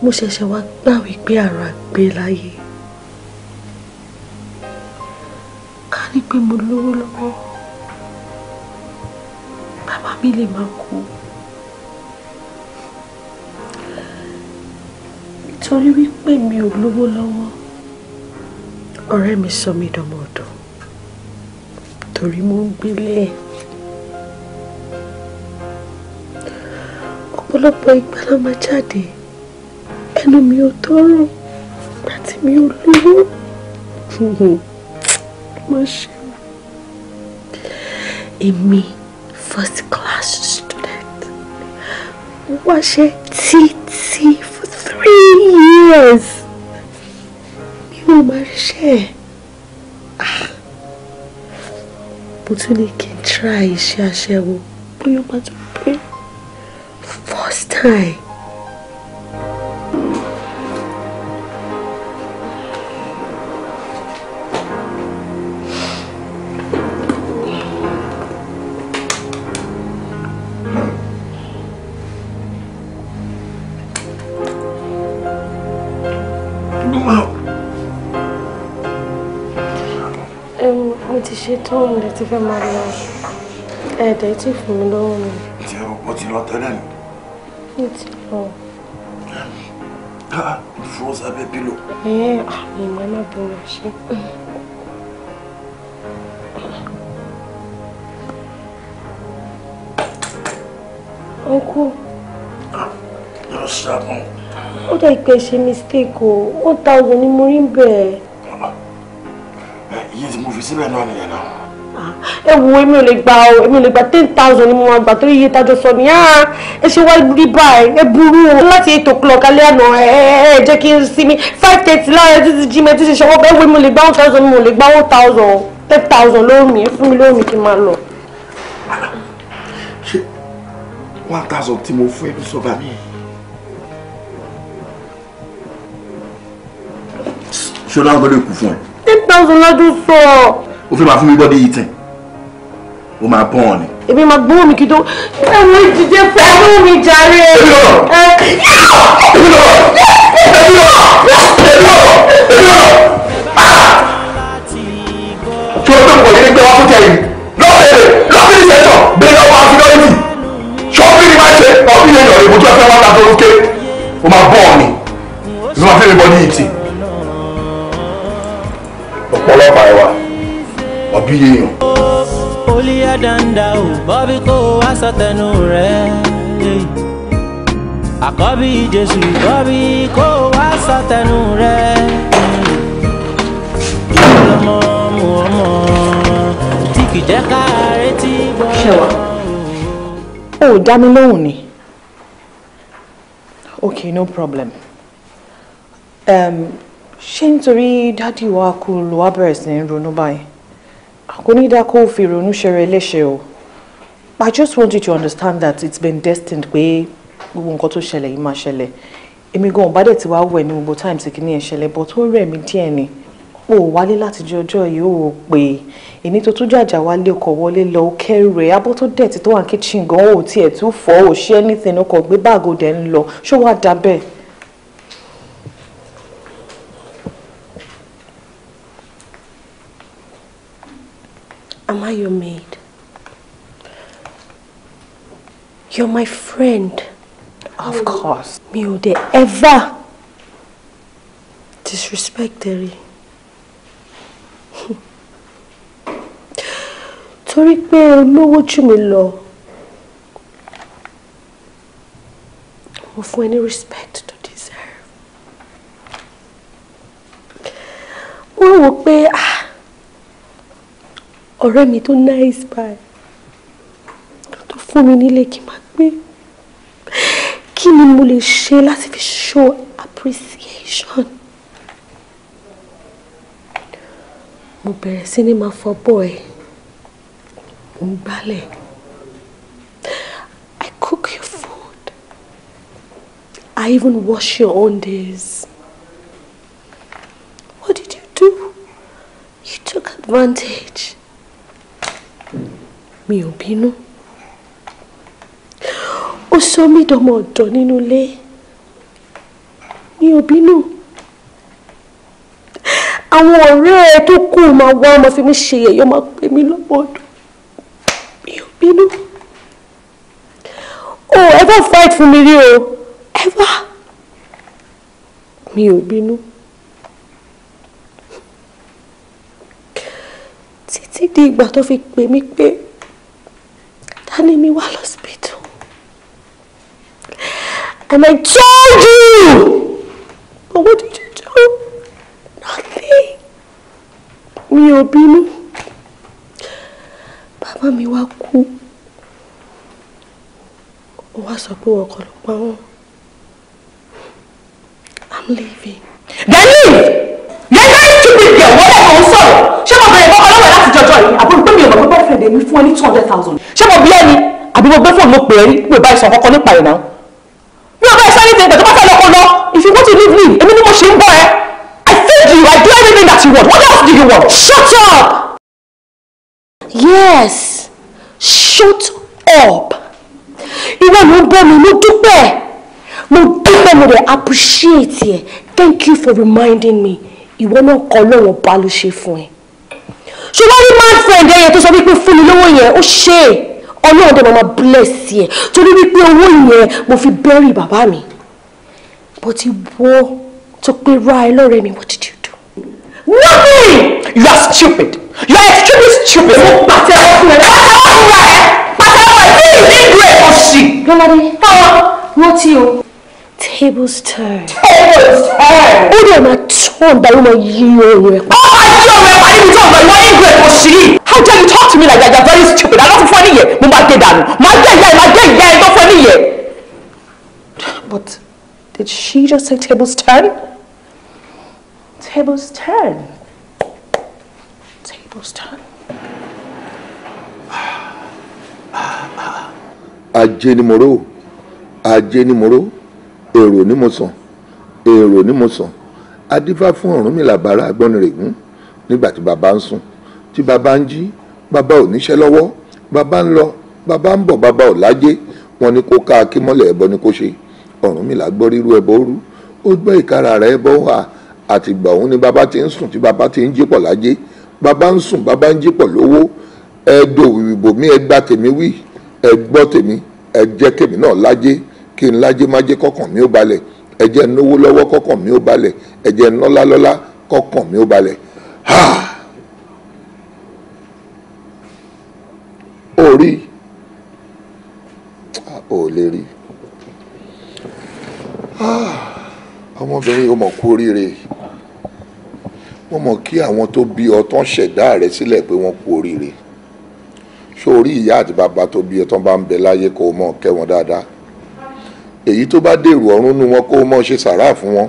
Mo ṣẹ̀ṣẹ̀ wá gbà wípé àrà gbé láyé. Ká ní pé mo lówó lọ́wọ́. Bàbá mi lè máa kú. Nítorí wípé mi ò lówó lọ́wọ́, ọ̀rẹ́ mi sọ mí dọmọ torí mo ń gbélé ọ̀pọ̀lọpọ̀ ìgbà la máa jáde ẹnu mi ò tọrọ ìgbà tí mi ò lówó mo ṣe èmi first class student wá ṣe títí for three years mi ò máa ṣe mo tún ní kí n try iṣẹ́ aṣẹ́wó bóyá ó máa tún pé first time tó ń lè ti fẹ́ máa lọ ẹ̀ẹ́dẹ̀ tí fún mi lọ́wọ́ mi. ṣé o ti lọ tẹ́lẹ̀ ni. mi ti lọ. Ah, fún sábẹ́ bílò. ẹ ah, ẹ ìmọ̀ náà bí mo ṣe. ọkọ. yóò ṣàkóso. ó dẹ̀ pé mistake o ó ta oògùn ni mo rí bẹ́ẹ̀ síbẹ̀ náà nìyẹn náà. Ah, ẹ wo èmi ò gba ọ èmi ò lè gba ten thousand ni mo máa gbà torí iye tájọ sọ ni ah, ẹ ṣe wá rí báyìí ẹ burú o láti eight o'clock alẹ́ àná ẹ ẹ jẹ́ kí n sinmi five thirty láàárọ̀ títí jí mi títí ṣọwọ́ ẹ wo èmi ò lè gba one thousand mi ò lè gba one thousand ten thousand lómi ẹ fún mi lómi kí n máa lọ. ṣé one thousand tí mo fún ẹ ló sọ bá mi. ṣé o lágbọ́dọ̀ kú fún ẹ thousand lọ́dún sọ. o fẹ́ máa fún mi bọ́dí yìí tẹ̀ o máa bọ́ ọ ni. èmi máa gbọ́ omi kí tó ẹ̀wọ̀n ìdíje fẹ́ẹ́ mi jàre. èmi lọ èmi lọ èmi lọ èmi lọ èmi lọ. Ah! tí o tó kọ̀ yé gbé wá fún tẹ̀yìn lọ́ọ̀rẹ́ lọ́ọ̀rẹ́ ìṣẹ̀tọ̀ gbé lọ́wọ́ àfidọ́lìtì ṣọ́ọ́bì ni máa ṣe ọ̀bí lẹ́yìn ọ̀rẹ́ ìbùjọ́ fẹ́ wá ta tó ń ké o máa bọ́ ọ ni ìṣọ́ máa fẹ́ mi bọ́ ní ìtì ọpọlọ ọba ẹwà ọdún yéèyàn. olùyà danda ò bọ́bí kó wá sọtẹnu rẹ̀ àkọ́bí jésù bọ́bí kó wá sọtẹnu rẹ̀ ọmọ mu ọmọ tí kì jẹ́ ká retí gbọ́. ṣẹwa o dá mi lóhùn ni okay no problem. Um, ṣé nítorí dádì wa kú ló wá bẹ̀rẹ̀ sí ní ronú báyìí kò ní dá kó fi ronú ṣeré léṣe o I just wanted to understand that it's been destined pé gbogbo nǹkan tó ṣẹlẹ̀ yìí máa ṣẹlẹ̀ èmi gan ọ̀bá dẹ̀ ti wá wẹ̀ ní gbogbo time tí kìíní ẹ̀ ṣẹlẹ̀ but ó rẹ̀ mí díẹ̀ ni o ò wálé láti jẹ ọjọ́ yìí o ò pè é èmi tó tún jàjà wálé ọkọ̀ wọlé lọ ó kẹ́rù abọ́ tó dẹ̀ ti tó wà ní gan o tiẹ̀ tún fọ́ o ṣe anything ọkọ̀ gbé báàgò dẹ̀ ń lọ ṣó wàá dábẹ́ẹ̀. Am I your maid? You're my friend. Of oh. course. Mi ò ever disrespect ẹ rí. Torí what you jù law? lọ. any respect to deserve. Wọ́n wò pé ah, ọ̀rẹ́ mi tó nice by tó fún mi nílé kí n máa gbé kí ni mo lè ṣe láti fi show appreciation. mo bẹ̀rẹ̀ sí ní máa fọbọ́ ẹ̀ mo gbálẹ̀ I cook your food I even wash your own days. What did you do? You took advantage mi ò bínú ó sọ mí dọmọ ọ̀dọ̀ nínú ilé mi ò bínú àwọn ọ̀rẹ́ ẹ tó kù máa wá ọmọ fi mí ṣe yẹ̀yọ́ máa pè mí lọ́pọ̀ ọdún mi ò bínú o ever fight for me rí o ever mi ò bínú. títí di ìgbà tó fi pè mí pé tani mi wà lọ́sibítù and I told you but what did you do nothing mi ò bínú bàbá mi wá kú ó wá sọ pé wọn kọ ló pa wọn I'm leaving. Then leave! Yẹ́n ká stupid girl wọ́n lè kàn sọ̀rọ̀ ṣé mo láti jọjọ yìí àbúrò pé mi ò mọ̀ pé bọ́ọ̀fẹ̀ dè fún ẹ ní two hundred thousand. ṣé mo bí ẹ ni àbí mo gbé fóònù mo pè é rí pé báyìí sọ kọ́kọ́ nípa ẹ̀ náà. mi ò bá ẹsẹ́ níbi ìgbà tó bá fẹ́ lọ́kọ́ lọ if you want to leave me èmi ni mo ṣe ń bọ́ ẹ. I feed you I do everything that you want what else do you want? Shut up. Yes, shut up. ìwọ ló ń bọ́ mi mo dúpẹ́ mo dúpẹ́ mo dẹ̀ appreciate ẹ thank you for reminding me ìwọ náà kọ́ lọ́wọ́ bá ló ṣe fún ẹ ṣùgbọ́n rí mad friend ẹ̀yẹ tó sọ wípé fún mi lówó yẹn ó ṣe é ọlọ́run bless yẹ torí wípé owó yẹn mo fi bẹ́rì bàbá mi bó ti wọ́ tó pé ra ẹ lọ́rẹ́ mi what did you do. nothing you are stupid you are extremely stupid. mo pàtẹ ọkùnrin rẹ pàtẹ ọkùnrin rẹ pàtẹ ọkùnrin rẹ bí ìdí ìgbé ọ̀sì. lọ́ládé rántí o Tables turn. Tables turn. Ó my turn, but báyìí máa yí Oh, rẹ̀ pa. Ó máa yí ohun rẹ̀ pa níbi tí How dare you talk to me like that? You're very stupid. Àlọ́ fún funny yet. mo máa gé dànù. Máa gé ìyá ẹ̀, máa gé ìyá ẹ̀ tó fọ́nì yẹn. But did she just say tables turn? Tables turn. Tables turn. Ajé ni mo rò, ajé ni mo rò èrò ni mo sàn èrò ní mo sàn adífá fún Ọ̀rúnmìlà bàrà àgbọnrìngún nígbà tí bàbá ń sùn tí bàbá ń jí bàbá ò níṣẹ́ lọ́wọ́ bàbá ń lọ bàbá ń bọ̀ bàbá ò lájé wọn ni kó ká akímọ́lẹ̀ ẹbọ ni kó ṣe Ọ̀rúnmìlà gbọ́ rírú ẹbọ rú ó gbọ́ ìkara rẹ̀ ẹbọ wà àtìgbà òun ni bàbá ti ń sùn tí bàbá ti ń jí pọ̀ lájé bàbá ń sùn bàbá ń jí pọ̀ lówó ẹ̀ẹ́dọ̀ ìbò mi ẹgbà tèmi wí ẹgbọ́ tèmi ẹ̀jẹ̀ tèmi náà lájé kí n lájé májé kọkàn mi ó balẹ̀ ẹ jẹ́ náwó lọ́wọ́ kọkàn mi ó balẹ̀ ẹ jẹ́ nọ́lá lọ́lá kọkàn mi ó balẹ̀ ha orí ah, ò lè rí ọmọbìnrin ó mọ̀ kú oríire wọ́n mọ̀ kí àwọn tó bí ọ tán ṣẹ̀dá rẹ̀ sílẹ̀ pé wọ́n kú oríire sórí ìyá àti bàbá tó bí ọ bá ń bẹ láyé kó o mọ̀ kẹ́ dáadáa èyí tó bá dèrò ọ̀run nu wọn kó mọ́ ṣe sàrà fún wọn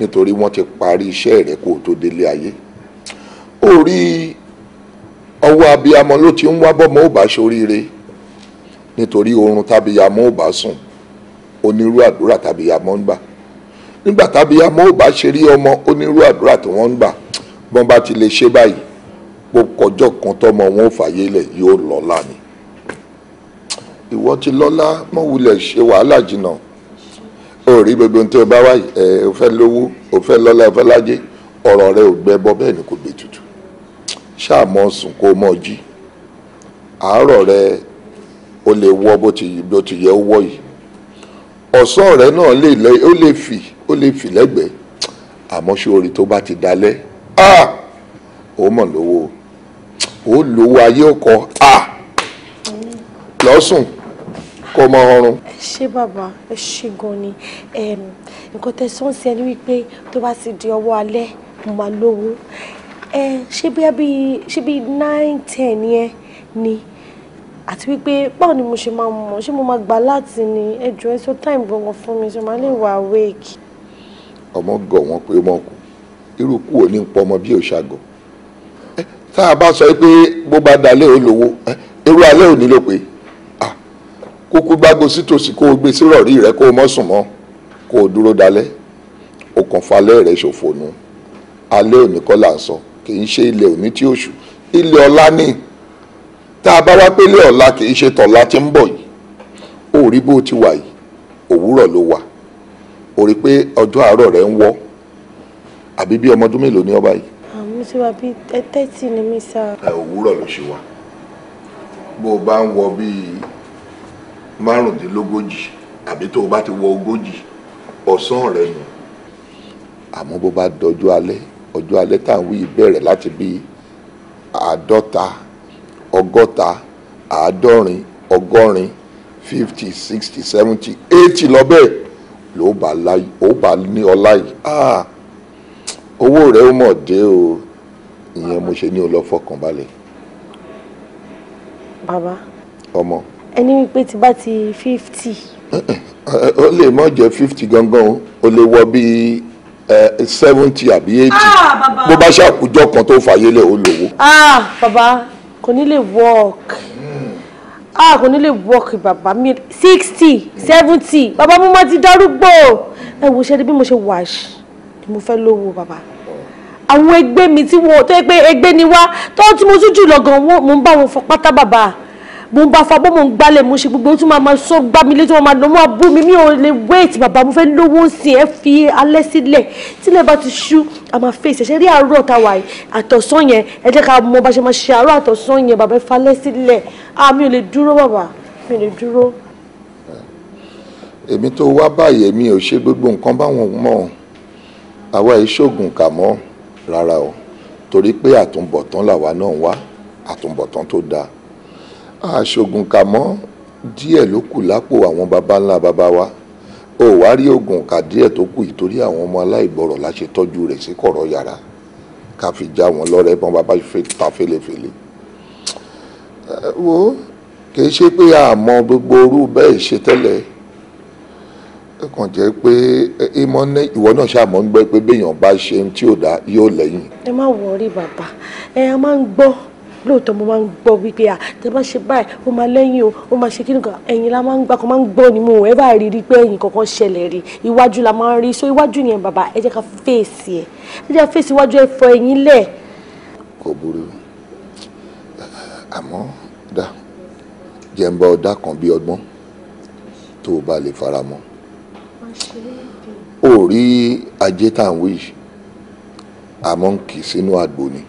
nítorí wọ́n ti parí iṣẹ́ rẹ̀ kó tó délé ayé ó rí ọwọ́ abiyamọ ló ti ń wá bọ́mọ ò bá ṣoríire nítorí oorun tábíyamọ ò bá sùn onírú àdúrà tábíyamọ ń gbà nígbà tábíyamọ ò bá ṣe rí ọmọ onírú àdúrà tí wọ́n ń gbà bọ́n bá ti lè ṣe báyìí pọ̀ kọjọ́ kan tọ́mọ wọn ò fàyè lẹ̀ yóò lọ́la ni ìwọ ti lọ́lá mọ́ wulẹ̀ ṣe wàhálà jìnnà o rí gbogbo ní tí o bá wáyé ẹ o fẹ́ lówó o fẹ́ lọ́lá o fẹ́ lájẹ ọ̀rọ̀ rẹ ò gbẹ bọ bẹ́ẹ̀ ni kò gbé tutù ṣáà mọ sùn kó o mọ jí àárọ̀ rẹ o lè wọ bó ti bó ti yẹ ó wọ yìí ọ̀sán rẹ náà lè lẹ ó lè fì ó lè fì lẹ́gbẹ̀ẹ́ àmọ́ ṣé orí tó bá ti dalẹ̀ ah ó mọ̀ lówó ó lówó ayé ọkọ̀ ah lọ́sùn kọ́ ọmọ ọrùn. ẹ ṣé bàbá ẹ ṣé gan ni nǹkan tẹ sọ ń sẹ ni wípé tó bá ti di ọwọ́ alẹ́ mo máa lówó ṣé bóyá nine ten yẹn ni àti wípé báwo ni mo ṣe máa mọ̀ ṣé mo máa gbà láti ni ẹjọ́ ẹ sọ time gbọ̀ngàn fún mi ṣe máa lè wà awake. ọmọ gọ wọn pé ọmọ kù irú kù ò ní pọ ọmọ bí ò ṣàgọ tá a bá sọ pé bó bá dalẹ́ ò lówó irú alẹ́ ò ní ló kúkú gbágbó sítòsí kó o gbé sírọ̀rí rẹ kó o mọ́ sùn mọ́ kó o dúró dalẹ́ o falẹ́ rẹ ṣòfò nu alẹ́ òní ń sọ kì í ṣe òní tí ni tá a bá wá pé ilẹ̀ ọ̀la kì í ṣe tọ̀la tí ń bọ̀ yìí ó rí bó ti wà yìí òwúrọ̀ ló wà ó rí pé ọjọ́ àárọ̀ ń wọ́ àbí bí ọmọ ọdún mélòó ni ọba yìí. bíi tẹ́tí ni mí sá. òwúrọ̀ ló ṣe o bá ń wọ bíi márùndínlógójì àbí tó o bá ti wọ ogójì ọ̀sán rẹ nù. àmọ́ bó bá dọjọ́ alẹ́ ọjọ́ alẹ́ tá à ń wí bẹ̀rẹ̀ láti bí àádọ́ta ọgọ́ta àádọ́rin ọgọ́rin fifty sixty seventy eighty lọ bẹ́ẹ̀ ló bá láyé ó bá ní ọlá yìí ah, owó rẹ̀ ó mọ̀ dé o ìyẹn mo ṣe ní o lọ fọkàn balẹ̀. bàbá. ọmọ ẹni wípé tí bá ti fifty. ó lè mọ jẹ fifty gangan o lè wọ bíi seventy àbí eighty ah, bó bá ṣàkójọ kan tó fàyè lẹ ó lówó. ah bàbá kò ní lè work hmm. ah kò ní lè work bàbá mi sixty seventy bàbá mo máa ti darúgbó ẹ wo ṣe bí mo ṣe wà ni mo fẹ́ lówó bàbá àwọn ẹgbẹ́ mi tí wọ́n tó ẹgbẹ́ ẹgbẹ́ ni wá tó tí mo tún jù lọ gan mo ń bá wọn fọ pátá bàbá mo ń fa bọ́ mo ń gbálẹ̀ mo ṣe gbogbo tí mo máa sọ gbá mi létí wọn máa lọ mo abu bú mi mi ò lè wait baba mo fẹ́ lówó sí ẹ fi alẹ́ sílẹ̀ tílẹ̀ bá ti ṣú a máa fèsì ẹ̀ṣẹ̀ rí àárọ̀ tá a wà àtọ̀sán yẹn ẹ jẹ́ ká mọ bá ṣe máa ṣe àárọ̀ àtọ̀sán yẹn bàbá ẹ falẹ́ sílẹ̀ ah mi ò lè dúró bàbá mi ò lè dúró. èmi tó wá báyìí èmi ò ṣe gbogbo nǹkan báwọn mọ̀ àwa ìṣògùn kà mọ́ rárá o torí pé àtúnbọ̀tán làwa náà wá àtúnbọ̀tán tó dáa aṣogun kà mọ́ díẹ̀ ló kù lápò àwọn baba ńlá baba wa ò wá rí oògùn kà díẹ̀ tó kù ìtorí àwọn ọmọ aláìgbọrọ̀ la ṣe tọ́jú rẹ̀ sí kọ̀rọ̀ yàrá ká fi já wọn lọ́rẹ́ bọn baba fẹ́ ta fẹ́lẹ́fẹ́lẹ́ wo kì ṣe pé a mọ gbogbo orú bẹ́ẹ̀ ṣe tẹ́lẹ̀ ẹ kàn jẹ́ pé ìmọ̀ ní ìwọ náà ṣàmọ́ ń gbẹ́ pé béèyàn bá ṣe ohun tí ò dá yóò lẹ́yìn. ẹ má wọrí bàbá ẹ máa ń gbọ́ lóòótọ́ mo máa ń gbọ́ wípé à tẹ bá ṣe báyìí ó máa lẹ́yìn o ó máa ṣe kíni kan ẹ̀yìn la máa ń gbà kan máa ń gbọ́ ni mo ẹ̀ bá rí rí pé ẹ̀yìn kankan ṣẹlẹ̀ rí iwájú la máa ń rí so iwájú yẹn bàbá ẹ jẹ́ ká fèsì ẹ̀ ẹ jẹ́ ká fèsì iwájú ẹ fọ ẹ̀yìn lẹ̀. kò burú àmọ́ dá jẹ́ ń bá ọdá kan bí ọgbọ́n tó o bá lè fara mọ́ ó rí ajé tá à ń wí àmọ́ ń kì sínú àgbò ni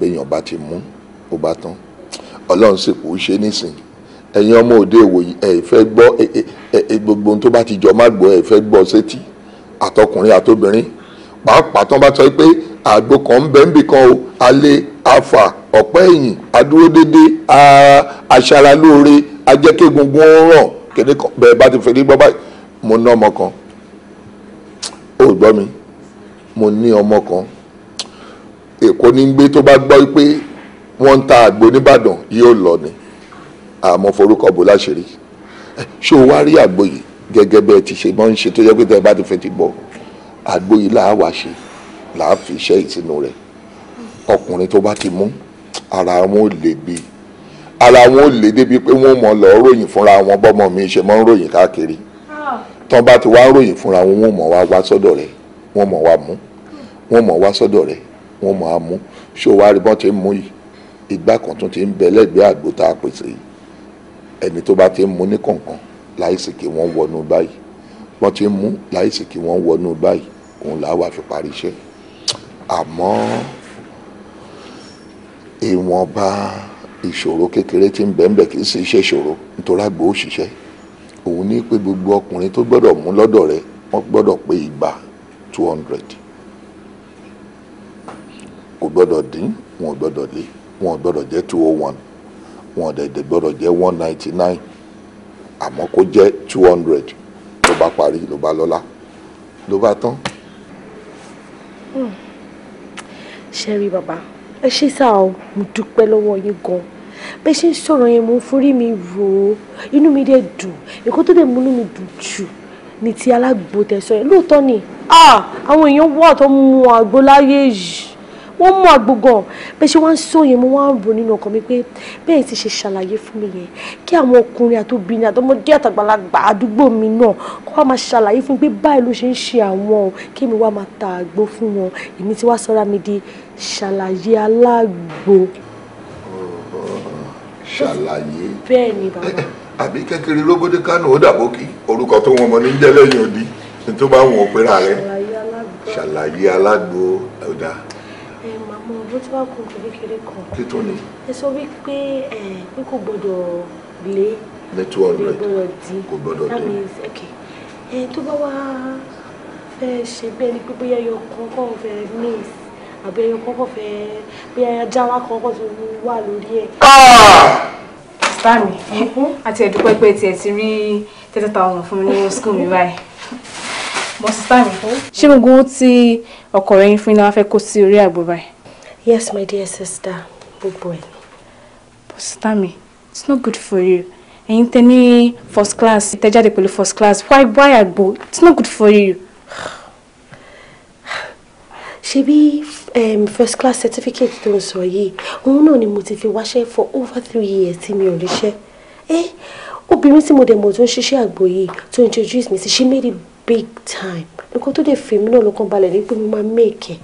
béèyàn bá ti mú ó bá tán ọlọ́run sì kò ṣe nísìn ẹ̀yin ọmọ òde ìwòyí ẹ̀ fẹ́ gbọ́ gbogbo ohun tó bá ti jọ má gbọ́ ẹ̀ fẹ́ gbọ́ sétí àtọkùnrin àtobìnrin pàápàá tán bá sọ pé àgbo kan ń bẹ níbì kan o alẹ́ afa ọ̀pẹ́ ẹ̀yìn adúródédé aṣaralóore ajẹ́kẹ́gungun ràn kéde kan bẹ́ẹ̀ bá ti fẹ́ ní gbọ́ báyìí mo ná ọmọ kan ó gbọ́ mi mo ní ọmọ kan èkó ní gbé tó bá gbọ́ pé wọ́n ń ta àgbo nìbàdàn yóò lọ ni àmọ́ forúkọ bò láṣìírí ṣé o wá rí àgbo yìí gẹ́gẹ́ bẹ́ẹ̀ ti ṣe máa ń ṣe tó yẹ pé tẹ́ ẹ bá ti fẹ́ ti bọ̀ àgbo yìí là á wá ṣe là á fi iṣẹ́ ìtinú rẹ̀ ọkùnrin tó bá ti mú ara wọn ò lè bi ara wọn ò lè débi pé wọ́n mọ̀ lọ ròyìn fúnra wọn bọ́mọ mi ṣe máa ń ròyìn káàkiri tán bá ti wá ròyìn fúnra wọn wọ́n mọ̀ wá wá sọ́dọ̀ rẹ̀ wọ́n mọ̀ wá mú wọ́n mọ̀ wá sọ́dọ̀ rẹ̀ wọ́n mọ̀ á mú ṣé o wá rí bọ́n ti mú yìí igbá kan tún ti ń bẹ lẹ́gbẹ̀ẹ́ àgbo tá a pèsè yìí ẹni tó bá ti ń mu ní kọ̀ọ̀kan láìsí kí wọ́n wọnú báyìí wọ́n ti ń mu láìsí kí wọ́n wọnú báyìí òun làá wà fi parí iṣẹ́ àmọ́ ìwọ̀nba ìṣòro kékeré tí ń bẹ́ẹ̀ kì í sì ṣe ìṣòro nítorí àgbo òṣìṣẹ́ òun ní pé gbogbo ọkùnrin tó gbọ́dọ̀ mú lọ́dọ̀ rẹ̀ wọ́n gbọ́dọ̀ pé igba two hundred kò gbọ́dọ̀ dín wọn gbọ́dọ̀ lé wọn gbọ́dọ̀ jẹ́ two oh one wọn dẹ̀dẹ̀ gbọ́dọ̀ jẹ́ one ninety nine àmọ́ kó jẹ́ two hundred ló bá parí ló bá lọ́lá ló bá tán. ṣe rí bàbá ẹ ṣe sáà mo dúpẹ́ lọ́wọ́ yín gan-an bẹ́ẹ̀ ṣe ń sọ̀rọ̀ yẹn mo ń forí mi rò ó inú mi dẹ̀ dùn èkó tó dẹ̀ múnú mi dùn jù ní ti alágbó tẹ̀sán yẹn lóòótọ́ ni ah! àwọn èèyàn wà tó mú àgbo láyé yìí wọ́n mọ̀ gbogbo bẹ́ẹ̀ ṣe wá ń sọ yẹn mo wá ń rò nínú ọkàn mi pé bẹ́ẹ̀ ti ṣe ṣàlàyé fún mi yẹn kí àwọn ọkùnrin àtòbìnrin àtọmọdé àtàgbàlagbà àdúgbò mi náà kó wá máa ṣàlàyé fún mi pé báyìí ló ṣe ń ṣe àwọn kí mi wá máa ta àgbo fún wọn èmi ti wá sọ́ra mi di ṣàlàyé alágbo. ṣàlàyé bẹ́ẹ̀ ni bàbá. àbí kékeré lógódé kánò ó dàbókì orúkọ tó wọn mọ ní jẹ́ lẹ́yìn ní tó bá wọn òpera rẹ̀ ṣàlàyé alágbo ọ̀dà ló ti wá kún kún kékeré kan. títú ni. ẹ sọ wípé ẹ pé kò gbọdọ̀ lé. ní two hundred kò gbọdọ̀ dín. that means okay ẹ tó bá wá fẹ́ ṣe bẹ́ẹ̀ ni pé bóyá ẹyọ kan kọ́ fẹ́ miss àbí ẹyọ kan kọ́ fẹ́ bóyá ajára kan kọ́ tó wà lórí ẹ̀. bámi ah! àti mm-hmm. ẹ̀dúpẹ́ pé tiẹ̀ ti rí thirty thousand fún mi ní school mi báyìí mo sì bá mi. Mm-hmm. ṣé gbogbo ohun tí ọkọ rẹ yín fún iná wá fẹ́ kó sí orí àgbò báyìí. Yes, my dear sister, gbogbo ẹ̀ But sister mi, it's not good for you. Ẹ̀yin tẹ́ first class, tẹ́ jáde pẹ̀lú first class, why why I go? It's not good for you. Ṣebí um, first class certificate tó ń sọ yìí, òun náà ni mo ti fi for over three years See me only ríṣẹ́. Eh? obìnrin tí mo dẹ̀ mọ̀ she ń ṣiṣẹ́ àgbo yìí introduce me she made it big time nǹkan tó the film. No, lọ́kàn balẹ̀ ní pé mo máa make it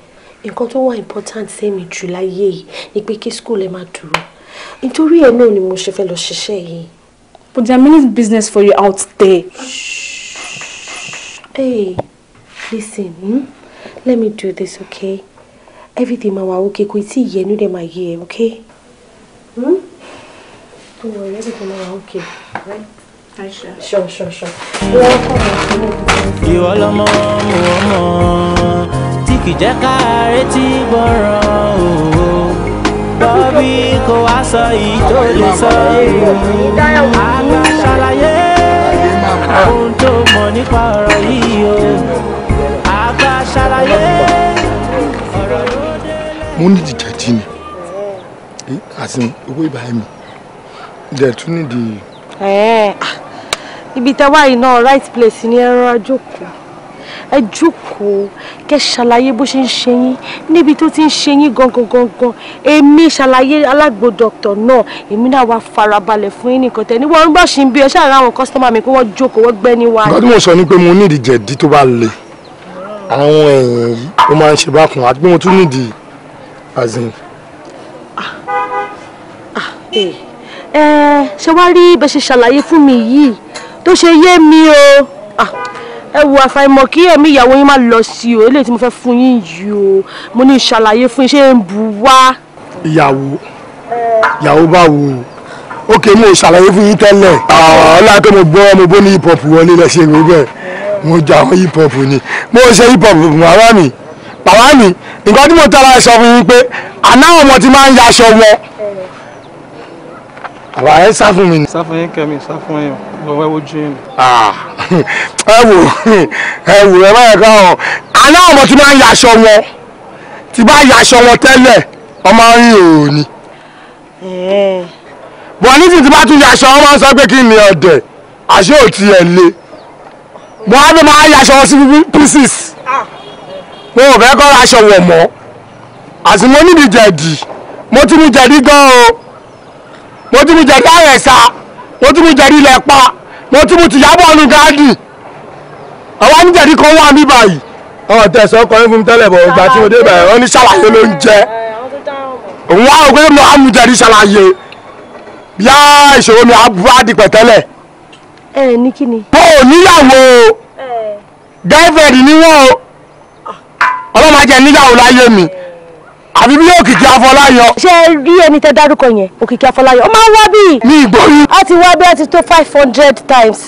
nǹkan tó wà important sẹ́mi jù láyé yìí ni pé kí school ẹ máa dúró nítorí ẹ náà ni mo ṣe fẹ́ lọ ṣiṣẹ́ yìí. but there are many business for you out there. Shh. hey listen hmm? let me do this okay everything ma wa okay kò tí ì yẹ inú dẹ̀ yẹ okay. Hmm? everything ma wa okay. Right? Sure, sure, sure. Ìwọ lọmọ, mo ọmọ kì jẹ́ ká retí bọ̀rọ̀ o bọ́bí kò wá sọ yìí tó lè sọ yìí àgbà ṣàlàyé ohun tó mọ̀ nípa ọ̀rọ̀ yìí o àgbà ṣàlàyé ọ̀rọ̀ ló délẹ̀. mo ní ìjẹ́jì ni àti owó ìbáyé mi dẹ̀ tún nídìí. ibi tẹ́wá yìí náà right place ni ẹran ajókòó ẹ jókòó kẹ́ ṣàlàyé bó ṣe ń ṣe yín níbi tó ti ń ṣe yín gangan gangan èmi ṣàlàyé alágbo dọ̀tọ̀ náà èmi náà wá farabalẹ̀ fún yín nìkan tẹ̀ níwọ̀n bá ṣì ń bí ẹ ṣáà ráwọn kọ́sítọ́mà mi pé wọ́n jókòó wọ́n gbẹ́ ní wa. ìgbà tí mo sọ ni pé mo nídìí jẹ̀dí tó bá le àwọn ẹ̀yìn yìí ó máa ń ṣe bákan àti pé mo tún nídìí azin. Ah, ah, eh. eh, ṣé wàá rí bẹ́ẹ̀ ṣe ṣàlàyé fún mi yìí tó ṣe yé mi o ah, ẹ wo àfàìmọ̀ kí ẹ̀mí ìyàwó yín má lọ sí o eléyìí tí mo fẹ́ fún yín yìí o mo ní ìṣàlàyé fún yín ṣé ń bu wá. ìyàwó ìyàwó báwo ókè mo ṣàlàyé fún yín tẹ́lẹ̀ ọ̀la pé mo gbọ́ mo bó ní hip hop wọlé lẹ ṣe bẹ́ẹ̀ mo jà àwọn hip hop ni mo ṣe hip hop màwá mi màwá mi nǹkan tí mo tara ẹ sọ fún yín pé àná ọmọ ti máa ń yaṣọ wọn àwa ẹ sá fún mi ni. sá fún yín kẹmi sá fún yín ọwọ́ ah, ẹ wojú yín. ẹ wò ẹ wò ẹ báyẹn ká ọ àná ọmọ tí máa ń yaṣọ wọn tí bá yaṣọ wọn tẹ́lẹ̀ ọmọ rí òòní. bọ̀ nísìnyí tí bá tún yaṣọ wọn máa ń sọ pé kí ni ọ̀dẹ̀ àṣé ò tiẹ̀ le bọ̀ á ló máa yaṣọ wọn sí pieces wọn ah. ò fẹ́ kọ́ aṣọ wọ̀ mọ́ àti mo níbi jẹ̀dì mo ti mu jẹ̀dì gan o mo tún mu jẹ̀rí àrẹ̀sà mo tún mu jẹ̀rí ilẹ̀ pa mo tún mu tìyàbọ̀ ọ̀nù gáàdì àwọn oníjẹ̀rí kan wà ní báyìí. ọ̀ tẹ̀sán ọkùnrin fún mi tẹ́lẹ̀ bọ̀ ìgbà tí mo dé bẹ̀rẹ̀ wọ́n ní ṣàlàyé ló ń jẹ́ òun wá ògbé mi wàá mu ṣàlàyé bíá ìṣòro mi àbúrádì pẹ̀tẹ́lẹ̀. ẹ ní kí ni. mo ò níyàwó gẹ́fẹ̀rì níwọ̀n ah. ọlọ́mọ àbí bí òkìkí afọláyọ. ṣé ẹ rí ẹni tẹ dárúkọ yẹn òkìkí afọláyọ ó máa ń wá bí. ní ìgbóyún. a ti wá bí a ti tó five hundred times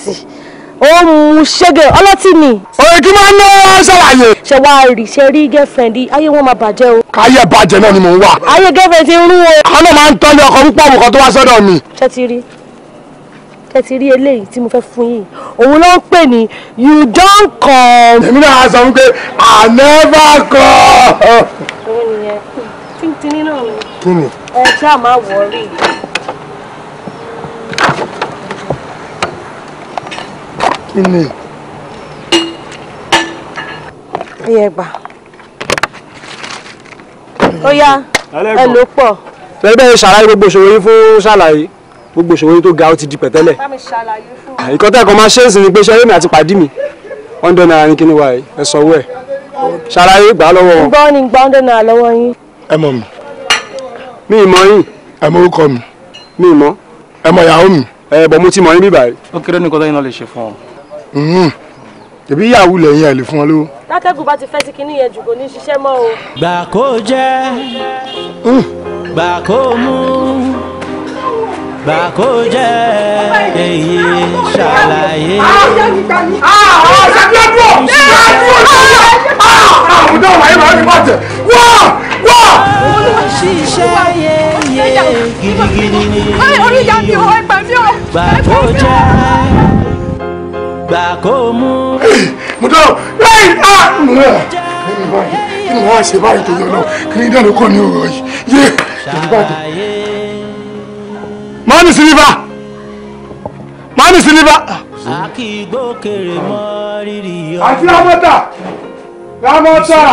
ó mu ṣége ọlọ́tí ni. òye kí máa ń náwó ṣàlàyé. ṣe wá rí ṣe rí girlfriend ayé wọn máa bàjẹ́ o. káyé bàjẹ́ náà ni mò ń wà. ayé girlfriend ti ń rú o. àwọn náà máa ń tọ́lé ọkọ̀ púpọ̀ ọmọ kan tó wá sọ́dọ̀ mi. ṣé ti rí ẹ ti rí eléyìí tí mo fẹ́ fún yín òun ló ń pè ní you don come. èmi náà sọ wípé i never come kíntìní náà ni. kí ni. ẹ ṣáà má wọrí. kí ni. ẹyẹ gbà. ó yá ẹ ló pọ̀. lẹ́gbẹ́ ṣàlàyé gbogbo ìṣòro yín fún ṣàlàyé gbogbo ìṣòro yín tó ga ó ti di pẹ̀tẹ́lẹ̀. bá mi ṣàlàyé fún. ìkọ́tẹ́ kan máa ṣe é sí ni pé ṣe mi àti pàdí mi hundred naira ní kíni wa ẹ sanwó ẹ ṣàlàyé gbà lọ́wọ́ wọn. gbọ́ ni gbọ́ hundred naira lọ́wọ́ yín ẹ mọ̀ mi. mi ìmọ̀ yín. ẹ mọ orúkọ mi. mi ìmọ̀. ẹ mọ ìyàwó mi. ẹ bọ̀ mo ti mọ̀ yín bíbá yìí. ó kéré nìkan tẹ́yìn náà lè ṣe fún ọ. tèmi ìyàwó lẹ́yìn ẹ̀ lè fún ọ lówó. látẹ́gùn bá ti fẹ́ sí kinní yẹn jù kò ní ṣiṣẹ́ mọ́ o. gbà kó jẹ́ gbà kó mú gbà kó jẹ́ èyí ṣàlàyé. àwọn ọ̀sẹ̀ bí wọ́n dúró. àwọn ọ̀sẹ̀ bí wọ́n dúró. àwọn ọ̀sẹ̀ bí wọ́n dúró wọ. olùṣiṣẹ́ yeye gidigidi ni yíyó gbà kó jẹ́ gbà kó mú. mọ̀tò lẹ́yìn náà lẹ́yìn báyìí kí ni wọ́n ṣe báyìí tó yọ lọ kí ni dáná kọ́ ni ọ̀rọ̀ yìí yé ìdíbàdàn. mọ́nì sílíbà mọ́nì sílíbà. àkìgbò kèrè mọ́ rírì yọ. àti amọ́ta. Ramota!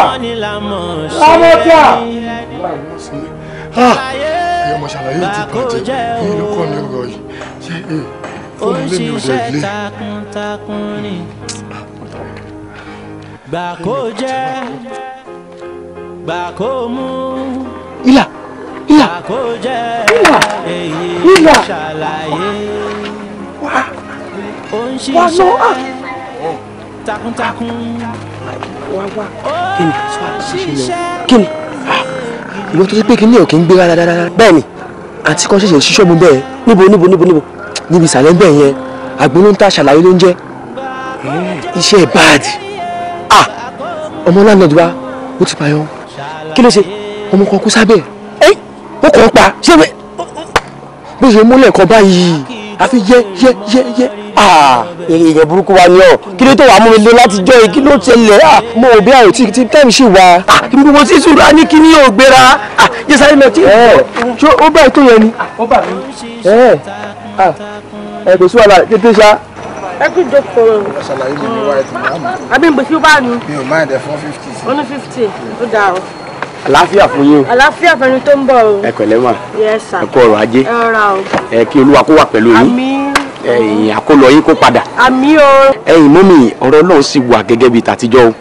Ramota! Ah! Ẹyọ mọ̀ ṣàlàyé ti bàjẹ́ ní ìlú kan ní ọ̀rọ̀ yìí. Ṣé ẹ eh, fóònù lé mi ò dẹ̀ lé? Gbà jẹ́, gbà kó mú. Ìlà! Ìlà! Ìlà! Ìlà! Wà! Wà lọ! Ah. Takuntakun wá wá kí ni kí ni ah, ìwọ tó ti pé kí ni ò kí ń gbé rárá rárá bẹ́ẹ̀ ni àti kan ṣẹ̀ṣẹ̀ ṣíṣọ́ mu bẹ́ẹ̀ níbo níbo níbo níbo níbi ìsàlẹ̀ ń yẹn àgbóná ṣàlàyé ló ń jẹ́ hmm. iṣẹ́ ẹ̀ ah ọmọ láńlọ́ọ̀dù wa ó ti pààyàn kí ló ṣe ọmọ kan kú sábẹ́ ẹ̀ ó kàn ń pa ṣé bó ṣe múlẹ̀ kan báyìí àfi yẹ yẹ yẹ yẹ. Ah, èèyàn burúkú wa ni ọ kí ló tó wà mú mi lé látijọ́ yìí kí ló ṣẹlẹ̀ ah, mo ò bí àrò tí tí tẹ́mi sì wá. Ah, kí gbogbo sí sùúrù ní kí ni yóò gbéra yẹ sáré lọ tí. Eh, ṣé ó bá ètò yẹn ni. ó bà mí. Eh, ẹ kò sí wàhálà tètè ṣá. ẹ kí n jọ kọ ọ. ṣàlàyé mi ní wáyé tí mo máa mú. àbí gbèsè ó bá ní. mi ò máa dẹ fún fifty. ó ní fifty ó dáa o àlàáfíà fún yín o. àlàáfíà fẹni tó ń bọ̀ o. ẹ pẹ̀lẹ́ mà. ẹ kú ọrọ̀ ajé. ẹ o. ẹ kí olúwa kó wà pẹ̀lú yín ẹ̀yìn àkólọ yín kó padà. àmì o. ẹ̀yìn mọ́mì ọ̀rọ̀ náà sì wà gẹ́gẹ́ bíi tàtijọ́ o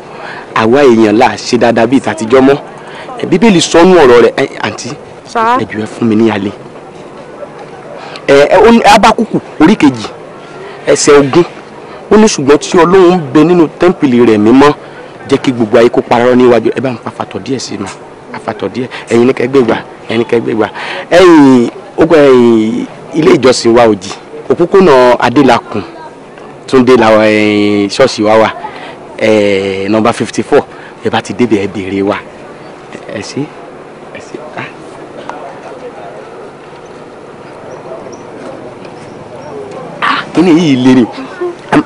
àwa èèyàn là ṣe dáadáa bíi tàtijọ́ mọ́ bíbélì sọnù ọ̀rọ̀ rẹ̀ àǹtí ẹ̀jú ẹ fún mi ní alẹ́ abakuku orí kejì ẹsẹ̀ ogún ó ní ṣùgbọ́n tí ọlọ́run ń bẹ nínú tẹ́ḿpìlì rẹ̀ mímọ́ jẹ́ kí gbogbo ayé kó parọ́ níwájú ẹ bá ń pa fàtọ̀ díẹ̀ sí mi àfàtọ̀ díẹ̀ ẹ̀yin ní kẹgbẹ́ gbà ẹ̀yin ní kẹgbẹ́ gbà ẹ̀yin ilé ìjọsìn wa ò jì òpópónà adélakùn túndé la ṣọ́ọ̀ṣì wa wà nọmba fifty four ẹ bá ti débẹ̀ ẹ béèrè wa ẹ sí ẹ sí ah. ah kíni yìí lé ni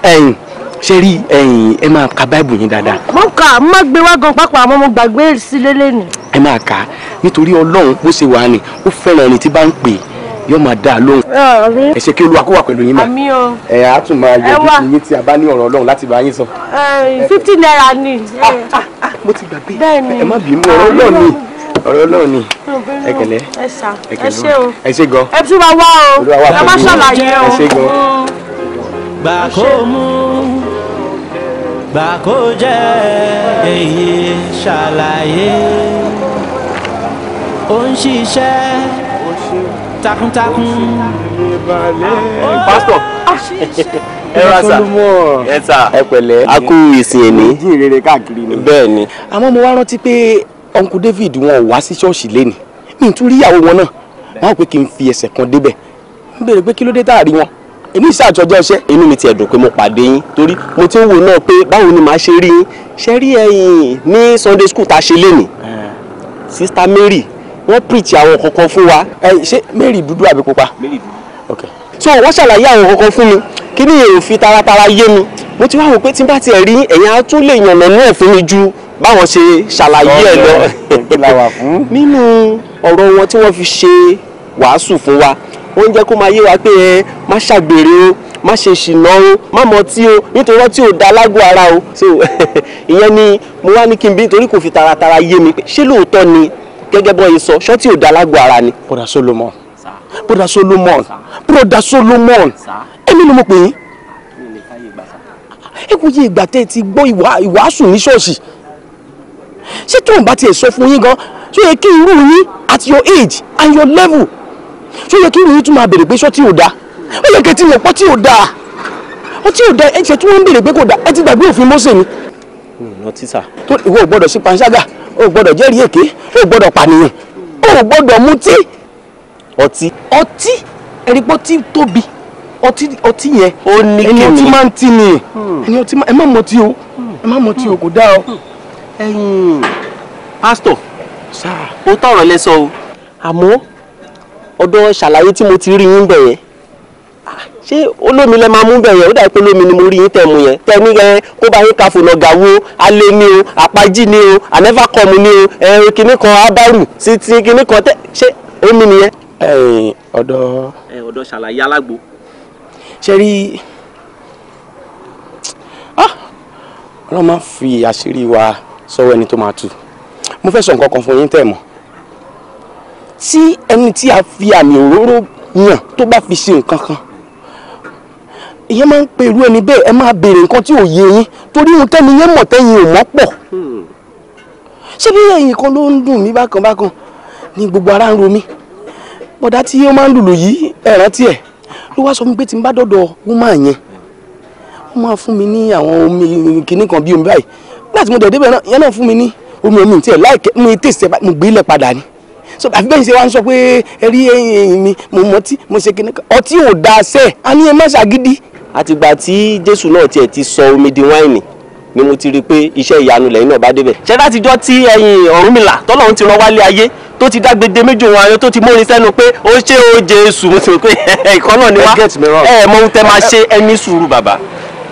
ẹ̀yin ṣe rí ẹ̀yin ẹ máa ka báìbù yín dáadáa. mo kà má gbé wá gan pápá àmọ́ mo gbàgbé sílé lẹ́nu. ẹ máa kà á nítorí ọlọ́run bó ṣe wà ní ó fẹ́ràn ẹni tí bá ń pè é yóò máa dá a lóhùn ẹ ṣé kí olúwa kó wà pẹ̀lú yín mà ẹ á tún máa yọjú sí yín tí a bá ní ọ̀rọ̀ ọlọ́run láti bá yín sọ. fifty naira ni. Ah, ah, ah, mo ti gbàgbé ẹ má bínú ọ̀rọ̀ ọlọ́run ni ọ̀rọ̀ ọlọ́run ni ẹ kẹlẹ́ ẹ ṣé o ẹ ṣé gan. ẹ tún wá wá o ẹ má ṣàlàyé o. ẹ ṣé gan. gbà kó mú gbà kó jẹ́ èyí ṣàlàyé ó ń ṣiṣẹ́ takuntakun. Ah, ah, pásítọ̀ ah, ẹ ra sà ẹ ta ẹ pẹ̀lẹ́. a kú ìsìn èmi. ìdí ìrere káàkiri ni. bẹ́ẹ̀ ni. àmọ́ mo wá rántí pé uncle david wọn ò wá sí ṣọ́ọ̀ṣì lẹ́nu mi ò tún rí ìyàwó wọn náà wọn ò pé kí n fi ẹsẹ̀ kan débẹ̀ n béèrè pé kí ló dé tá a rí wọn èmi ṣàjọjọ́ iṣẹ́ inú mi tiẹ̀ dùn pé mo pàdé yín torí mo ti ń wò náà pé báwo ni màá ṣe rí yín ṣe rí ẹ̀yin ní sunday school tá a ṣe lénìí eh. sister mary wọ́n preach àwọn kankan fún wa ẹ ṣé Mary Dudu àbí pupa. Mary dúdú. ok so wọ́n ṣàlàyé àwọn kankan fún mi kí ni èrò fi taratara yé mi mo ti wá wò pé tí n bá tiẹ̀ rí ẹ̀yin á tún lè yànnà ní ẹ̀ fún mi ju báwọn ṣe ṣàlàyé ẹ̀ lọ nínú ọ̀rọ̀ wọn tí wọ́n fi ṣe wàásù fún wa ó ń jẹ́ kó máa yé wa pé ẹ má ṣàgbèrè o má ṣe ṣìnà o má mọ tí o nítorí ọtí ò da lágbo ara o so ìyẹn ni mo wá ní kí n bí nítorí kò fi taratara yé mi pé ṣé lóòótọ́ ni gẹ́gẹ́ bọ́ yìí sọ ṣọ́tì ò da alágbó ara ni bọ́dà Solomon bọ́dà Solomon bọ́dà Solomon èmi ni mo pè yín ẹ kò yí ìgbà tẹ́ ẹ ti gbọ́ ìwàásù ní ṣọ́ọ̀ṣì ṣé tóun bá tiẹ̀ sọ fún yín gan ṣó yẹ kí irú yín at your age and your level ṣó yẹ kí irú yín tún máa bèrè pé ṣọ́tì ò da ó yẹ kẹ́ ti mọ̀ pọ́tì ò da ọtí ò da ẹ ṣe tí wọ́n ń bèrè pé kò da ẹ ti gbàgbé òfin Mósè ni. nọ tíṣà. tó ìwọ ò gbọ́dọ̀ sí panṣágà o gbọ́dọ̀ jẹ́rìí èké o gbọ́dọ̀ pànìyàn o gbọ́dọ̀ mutí ọtí. ọtí ẹni pé ọtí tóbi ọtí ọtí yẹn. ó ní kíni ẹni ọtí máa ń tì ní. Hmm. ẹni ọtí máa ẹ má mọtí o ẹ má mọtí o kò dáa o. ẹ̀yin hmm. pásítọ̀ ó tọrọ lẹ́sọ̀ o. àmọ́ ọ̀dọ̀ ṣàlàyé tí mo ti rí yín bẹ̀yẹn ṣé olómi lẹ máa mú bẹ̀yẹ̀ ó dàbí pé olómi ni mo rí yín tẹ̀ mú yẹn tẹ̀mí yẹn kó bá yín káfò náà gàwó alẹ́ ni o àpájì ni o ànẹ́fàkọ́mu ni o ẹ̀rìn kìíní kan abárù sí ti kìíní kan tẹ̀ ṣé omi nìyẹn. ẹ̀yin ọ̀dọ́. ẹ ọ̀dọ́ ṣàlàyé alágbo. ṣe rí ah, ọlọ́run máa fi àṣírí wa sọ́wọ́ ẹni tó máa tú mo fẹ́ sọ nǹkan kan fún yín tẹ̀ mọ́ tí ẹni tí a fi àmì òróró yàn tó bá fi ṣe nǹkan kan ìyẹn máa ń pe irú ẹni bẹ́ẹ̀ ẹ máa béèrè nǹkan tí ò yé yín torí ohun tẹ́ni yẹn mọ̀ tẹ́yin ò mọ̀ pọ̀ hmm. ṣé bí ẹ̀yìn kan ló ń dùn mí bákan bákan ni gbogbo ara ń ro mí bọ̀dá tí ó máa ń lùlù yìí ẹ rántí ẹ̀ ló wá sọ fún mi pé tí n bá dọ̀dọ̀ wúmà yẹn wọ́n máa fún mi ní àwọn omi kìíní kan bíi omi báyìí nígbà tí mo dẹ̀ débẹ̀ náà yẹn náà fún mi ní omi omi tiẹ̀ láìkẹ́ mi tèsí mo gbé ilẹ̀ padà ni so àfi bẹ́ẹ̀ ṣe wá ń sọ pé ẹ rí ẹyin mi mo mọtí mo ṣe kíní kan ọtí ò dáa sẹ́ẹ̀ a ní ẹ má ṣàgídí àtìgbà tí jésù náà tiẹ̀ ti sọ omi di wáìnì ni mo ti rí i pé iṣẹ́ ìyanu lẹ́yìn náà bá débẹ̀. ṣé látijọ́ tí ẹ̀yin Ọ̀rúnmìlà tọ́lọ́run ti rán wálé ayé tó ti dágbede méjì wọn ayọ̀ tó ti mórin sẹ́nu pé ó ṣe ó jésù mo ti rò pé ìkan náà ni wá ẹ mọ ohun tẹ máa ṣe ẹni sùúrù bàbá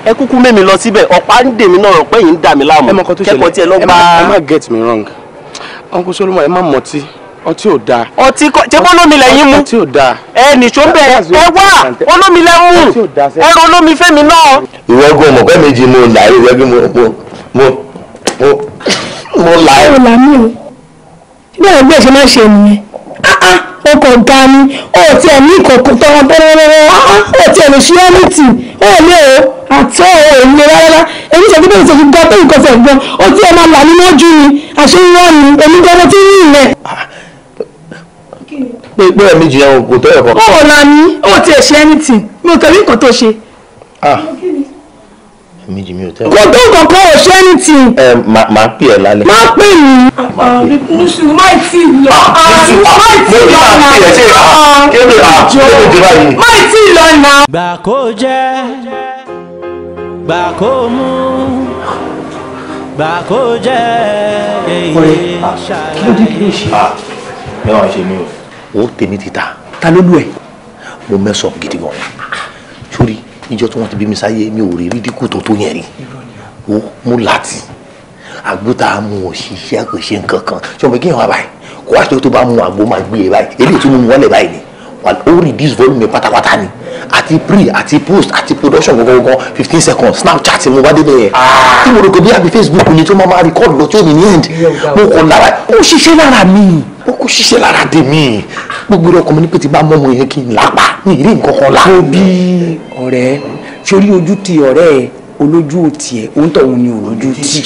ẹ kúkú mẹ́mi lọ síbẹ̀ ọ̀pá ń dè náà pẹ́yìn ń dà mí láàmú kẹ́kọ̀ọ́ tí ẹ lọ́gbà. ẹ má get me wrong uncle solomon ẹ má mọtí ọtí ò dáa. ọtí kọ ṣé bọ́lómi lẹ́yìn mú. ọtí ò dáa. ẹ nìṣó bẹ ẹ wá olómi lẹ́mú ẹrù olómi fẹ́mi náà. ìwẹ́gun ọmọ pẹ́ méjì mo là ìwẹ́gun mo mo mo mo mo là. ẹ ò là mí o bí àwọn ẹgbẹ́ ṣe máa ń ṣe nìyẹn ah, ah, o kò ga ni o ò tiẹ̀ ní ìkọ̀kọ̀ tọrọ bẹ́rẹ́rẹ́rẹ́ ah, o ò tiẹ̀ lè ṣe ọ́nìtì o ò lè o àti ọ̀rọ̀ èmi rárá èmi ṣe gbígbé ìṣègùn gbọ́ pé nǹkan ṣe gbọ́ o tiẹ̀ máa là nínú ojú ni àṣírí wọn ni èmi gbọ́ mo ti rí ìrẹ́ pé pé ẹ̀mejì yẹn kò tó ẹ̀kọ́. ó la ní ó ti ẹ̀ ṣe anything mi ò tẹ̀lé nǹkan tó ṣe. ẹ̀mejì mi ò tẹ̀lé. kò tó nǹkan kan ò ṣe anything. ẹ máa pè ẹ lálẹ́. máa pè mí. àbíkúnṣu máì tí ì lọ. máì tí ì lọ nà. kébè àjọ máì tí ì lọ nà. gbà kó jẹ́ gbà kó mú gbà kó jẹ́ èyí ṣàlàyé. kí ló dé kí ló ṣe. mẹ́wàá ṣe mí o ó tèmi ti ta ta ló lù ẹ mo mẹsàn gidi gan sórí níjọ́ tí wọ́n ti bí mi sáyé mi ò rí rídíkù tó tó yẹn rí o mú láti àgbóta mu òṣìṣẹ́ kò ṣe nǹkan kan ṣọmọ kí yẹn wá báyìí kó wá tó tó bá mu àgbo máa gbé e báyìí èyí tó mú mu wọlé báyìí ni ó reduce volume pátápátá ni àti pre àti post àti production gangan fifteen seconds snapchat mo bá débẹ̀ yẹn ah. tí mo rò pé bí àbí facebook ni tó máa máa record lọ tí ó ní ní end mo kàn lára ó ṣiṣẹ́ lára mi ó kò ṣiṣẹ́ lára dè mí gbogbo ọkọ mi ní pé ti bá mọ́mọ́ yẹn kí n lápá ní ìrí nǹkan kan la. o bí ọ̀rẹ́ sórí ojú ti ọ̀rẹ́ ẹ̀ olójú ò tiẹ̀ òun tọ̀hún ni òrojú ti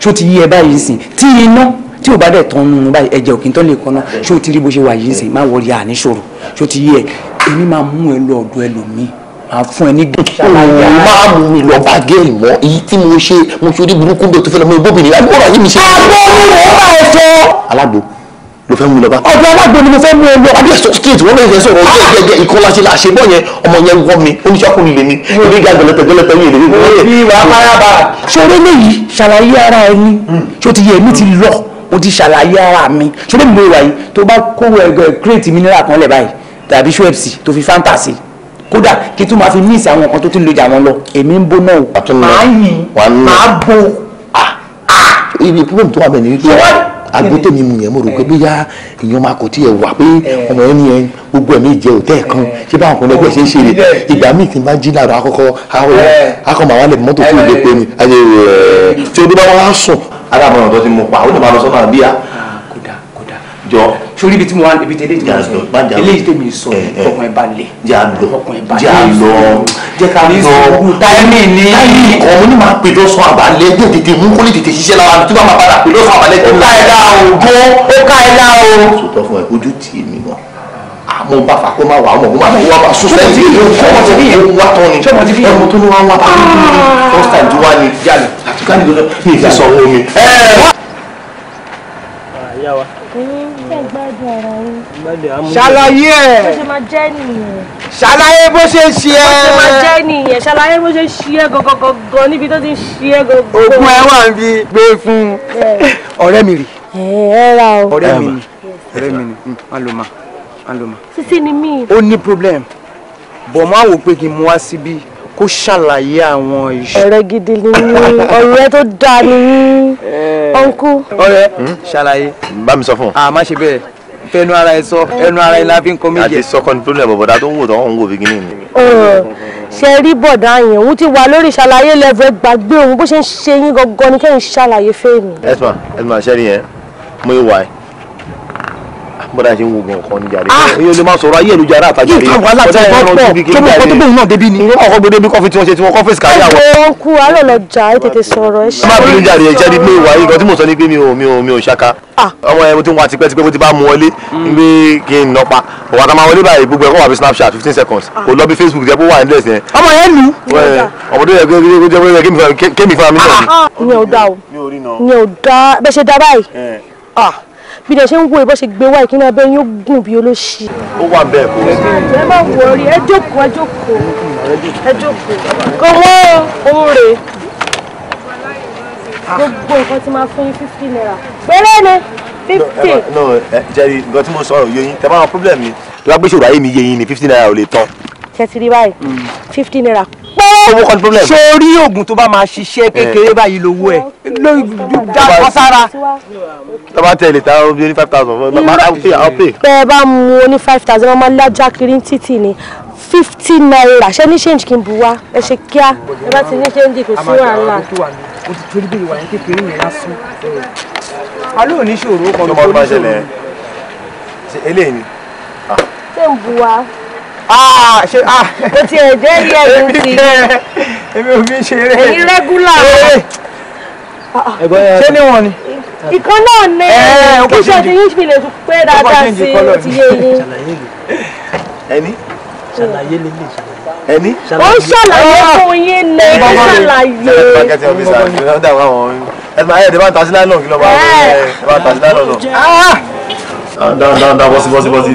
ṣó ti yí ẹ báyìí sìn tí iná tí o bá dẹ̀ tán nínú báyìí ẹ̀jẹ̀ òkè tán lè kọ́nà ṣé o ti rí bó ṣe wà yìí ń sìn má wọrí à níṣòro ṣé o ti yé ẹ èmi máa mú ẹ lọ ọ̀dọ̀ ẹlòmíì máa fún ẹ ní dùn. máa mú mi lọ bá gẹ́ẹ̀lì mọ́ èyí tí mo ṣe mo ṣe orí burúkú bẹ́ẹ̀ tó fẹ́ lọ mọ ibóbìnrin àbúrò àyè mi ṣe. àgbo mi ò bá ẹ fẹ́. alágbo ló fẹ́ mú lọ bá. ọ̀dọ̀ alágbo ni mo fẹ́ mú ẹ lọ. àbí ẹ̀sọ́ street wọ́n bẹ̀rẹ̀ sọ̀rọ̀ ọjọ́ ìjẹ́jẹ́ ìkọlá ṣe láṣẹ bọ́ yẹn ọmọ yẹn wọ́n mi oníṣàkóni lè mi èmi ga gẹlẹtẹ gẹlẹtẹ yìí lèmi. ṣé orí lè yí ṣàlàyé ara ẹni hmm. ṣó ti yẹ ẹni ti lọ o ti ṣàlàyé ara mi ṣé bí mo wà yìí tó bá kówó ẹgbẹ́ crate mineral kan lẹ̀ báyìí tàbí Schweppes tó fi fanta sí kódà kí tún máa fi míìsì àwọn nǹkan tó ti ń lojà wọn lọ èmi ń bó náà o. àtúnlọ wà á máa bo. Ah, ah. ibi púpọ̀ tó wà bẹ́ẹ̀ ni agbo tèmi mu yẹn mo rò pé bóyá èèyàn máa kò tiẹ̀ wà pé ọmọ yẹn ni yẹn gbogbo ẹ̀mí ìjẹ òtẹ́ kan ṣé báwọn kan lẹ́gbẹ̀ẹ́ ṣe ń ṣe rè ìgbà míì tí n bá jí lára akọ́kọ́ akọ́mọ àwọn mọ́tò tó lè pe ni ayé rẹ̀ tí o bí bá wọn á sùn. alábọ̀nà tó ti mú pa ó lè máa lọ sọ́nà bíyà. kódà ah, kódà jọ sórí ibi tí mo wá ibi tẹ́lẹ̀ tí mo sọ eléyìí tèmi sọ eh, eh. ọkàn bá lè ọkàn bá lè jẹ́ ká lọ táìmì ní táìmì kan mo ní máa pè lọ́sọ̀ àbálẹ̀ ẹgbẹ́ tètè mú kó lè tètè ṣiṣẹ́ lára tí wọ́n máa padà pè lọ́sọ̀ àbálẹ̀ tó ká ẹ̀ dá o gbọ́ ó ká ẹ̀ dá o. sòtọ́ fún ẹ ojú tì mí wá àmọ́ bá kó má wà ọmọ òun wà bá sọ sẹ́yìn tí yóò fọ́ ọmọ tí yóò wá tán ni ọmọ tó ní wá wá bá mi first time tí wá ní jáde àtúkà nìkan ní ìfẹsọ̀ omi ṣàlàyé ẹ̀. bó ṣe máa jẹ́ nìyẹn. ṣàlàyé bó ṣe ṣe ẹ́. bó ṣe máa jẹ́ nìyẹn ṣàlàyé bó ṣe ṣe ẹ́ gangan níbi tó ti ń ṣe ẹ́ gangan. ogun ẹ wà ń bi gbé e fún ọ̀rẹ́ mi rè. ẹ ra o. ọ̀rẹ́ mi ni ọ̀rẹ́ mi ni hmm, má ló ma má ló ma. sisi ni mí. ó ní problem bọ̀ máa wò pé kí n mú wá síbí kó ṣàlàyé àwọn iṣẹ́. ọ̀rẹ́ gidi ni yín ọ̀rẹ́ tó dáa ni yín ọ̀nkú. ọ̀rẹ́ hmm? ṣàlàyé. bá mi sọ fún ọ. a ah, ṣe bẹ́ẹ̀ fẹnu ara ẹ e sọ ẹnu ara ẹ e la fi ń kọ méje. àti sọkọ ni problem bọ̀dá tó ń wò tó ń wò bíkíní ni. ṣe rí bọ̀dá yẹn òun ti wà lórí ṣàlàyé level gbàgbé òun bó ṣe ń ṣe yín gangan ni kẹ́yìn ṣàlàyé fẹ́ẹ̀mì. ẹ̀sùn ẹ̀sùn àṣẹ nìyẹn mo ìwà ẹ̀ bọ́dà ṣe ń wo gan kan níjàre iye ah! olè máa sọ̀rọ̀ ayélujára àtàjàre bọ́dà ẹ̀ rán síbi kí níjàre tó bóun náà débi ni. ìwé ọkọ gbé débi kọfí tí wọn ṣe tí wọn kọfí sìkàrí àwọn. ẹ kú alẹ́ lọ jà ẹ tètè sọ̀rọ̀ ẹ ṣe. má bínú jàre ẹ jẹ́ ní pé ìwà yìí kan tí mo sọ ni pé mi ò mi ò mi ò ṣaka. Ah! ọmọ ẹ mo ti ń wa tipẹ́tipẹ́ bó bá mu wọlé pé mm. kí n nọpa ọ̀wà tá máa wọlé báyìí gbogbo ẹ̀kọ́ wà bí Snapchat fifteen seconds ah. kò lọ bí Facebook jẹ́ pé wà nílẹ̀ sẹ́yìn. ọmọ yẹn lu. ọmọ yẹ kó jẹ́ pé kémi fún mi ìyẹn ò dá o ìyẹn ò dá bẹ́ẹ̀ ṣe dá báyìí. Eh bí dẹ̀ ṣe ń wo ìbọn ṣe gbé wá ìkíni abẹ́ yín ó gùn bí olóṣì. ó wà bẹ́ẹ̀ kó. ẹ má wọrí ẹ jókòó ẹ jókòó ẹ jókòó kò mọ ohun rè gbogbo nǹkan tí máa fún yín fifty naira péré ni fifty. no jerry nǹkan tí mo sọ̀rọ̀ yóyin tẹ bá wọn problem mi. lágbèsè ọ̀rọ̀ ayé mi yé yín ni fifty naira ò lè tán. ṣe báyìí mm. fifty naira pé sórí oògùn tó bá máa ṣiṣẹ́ eh. kékeré báyìí lówó ẹ̀ dákọ́ sára. tó bá tẹ̀lé ta ó bí ní five thousand máa pè. bẹ́ẹ̀ bá mu oní five thousand wọ́n máa ń lájà kiri títì ni fifty naira ṣé ní change kí n bu wá ẹ ṣe kíá. ẹ bá ti ní change kò sí wàhálà. o ti torí bí ìwà yẹn kékeré yẹn lásán. alóò ní ṣòro kan tó ní ṣòro. eléyìí ni. ṣé ń bu wá. Ah, ṣe ah. o ti ẹ̀ jẹ́ yẹ̀ ló ti èmi ò fi ṣe eré èyí rẹ́gúlà ṣé ní wọn ni. ìkan náà ni kíṣẹ́ ti yíṣ mi lè tún pé dáadáa sí o ti yé yín. ẹni ṣàlàyé lélẹ̀ ẹni. ó ń ṣàlàyé fún yín ni ó ń ṣàlàyé. ẹ pàkẹ́tì ọ̀fíìsì àti ìrìnàjò àwọn ọmọ mi ẹ máa ẹ̀ ẹ̀ dẹ́ bá ń tasí láìlọ́ọ̀ kí lọ́ọ́ bá ń tasí láìlọ́ọ̀ náà dáhùn dáhùn dáhùn bọ́sí bọ́sí bọ́sí ní.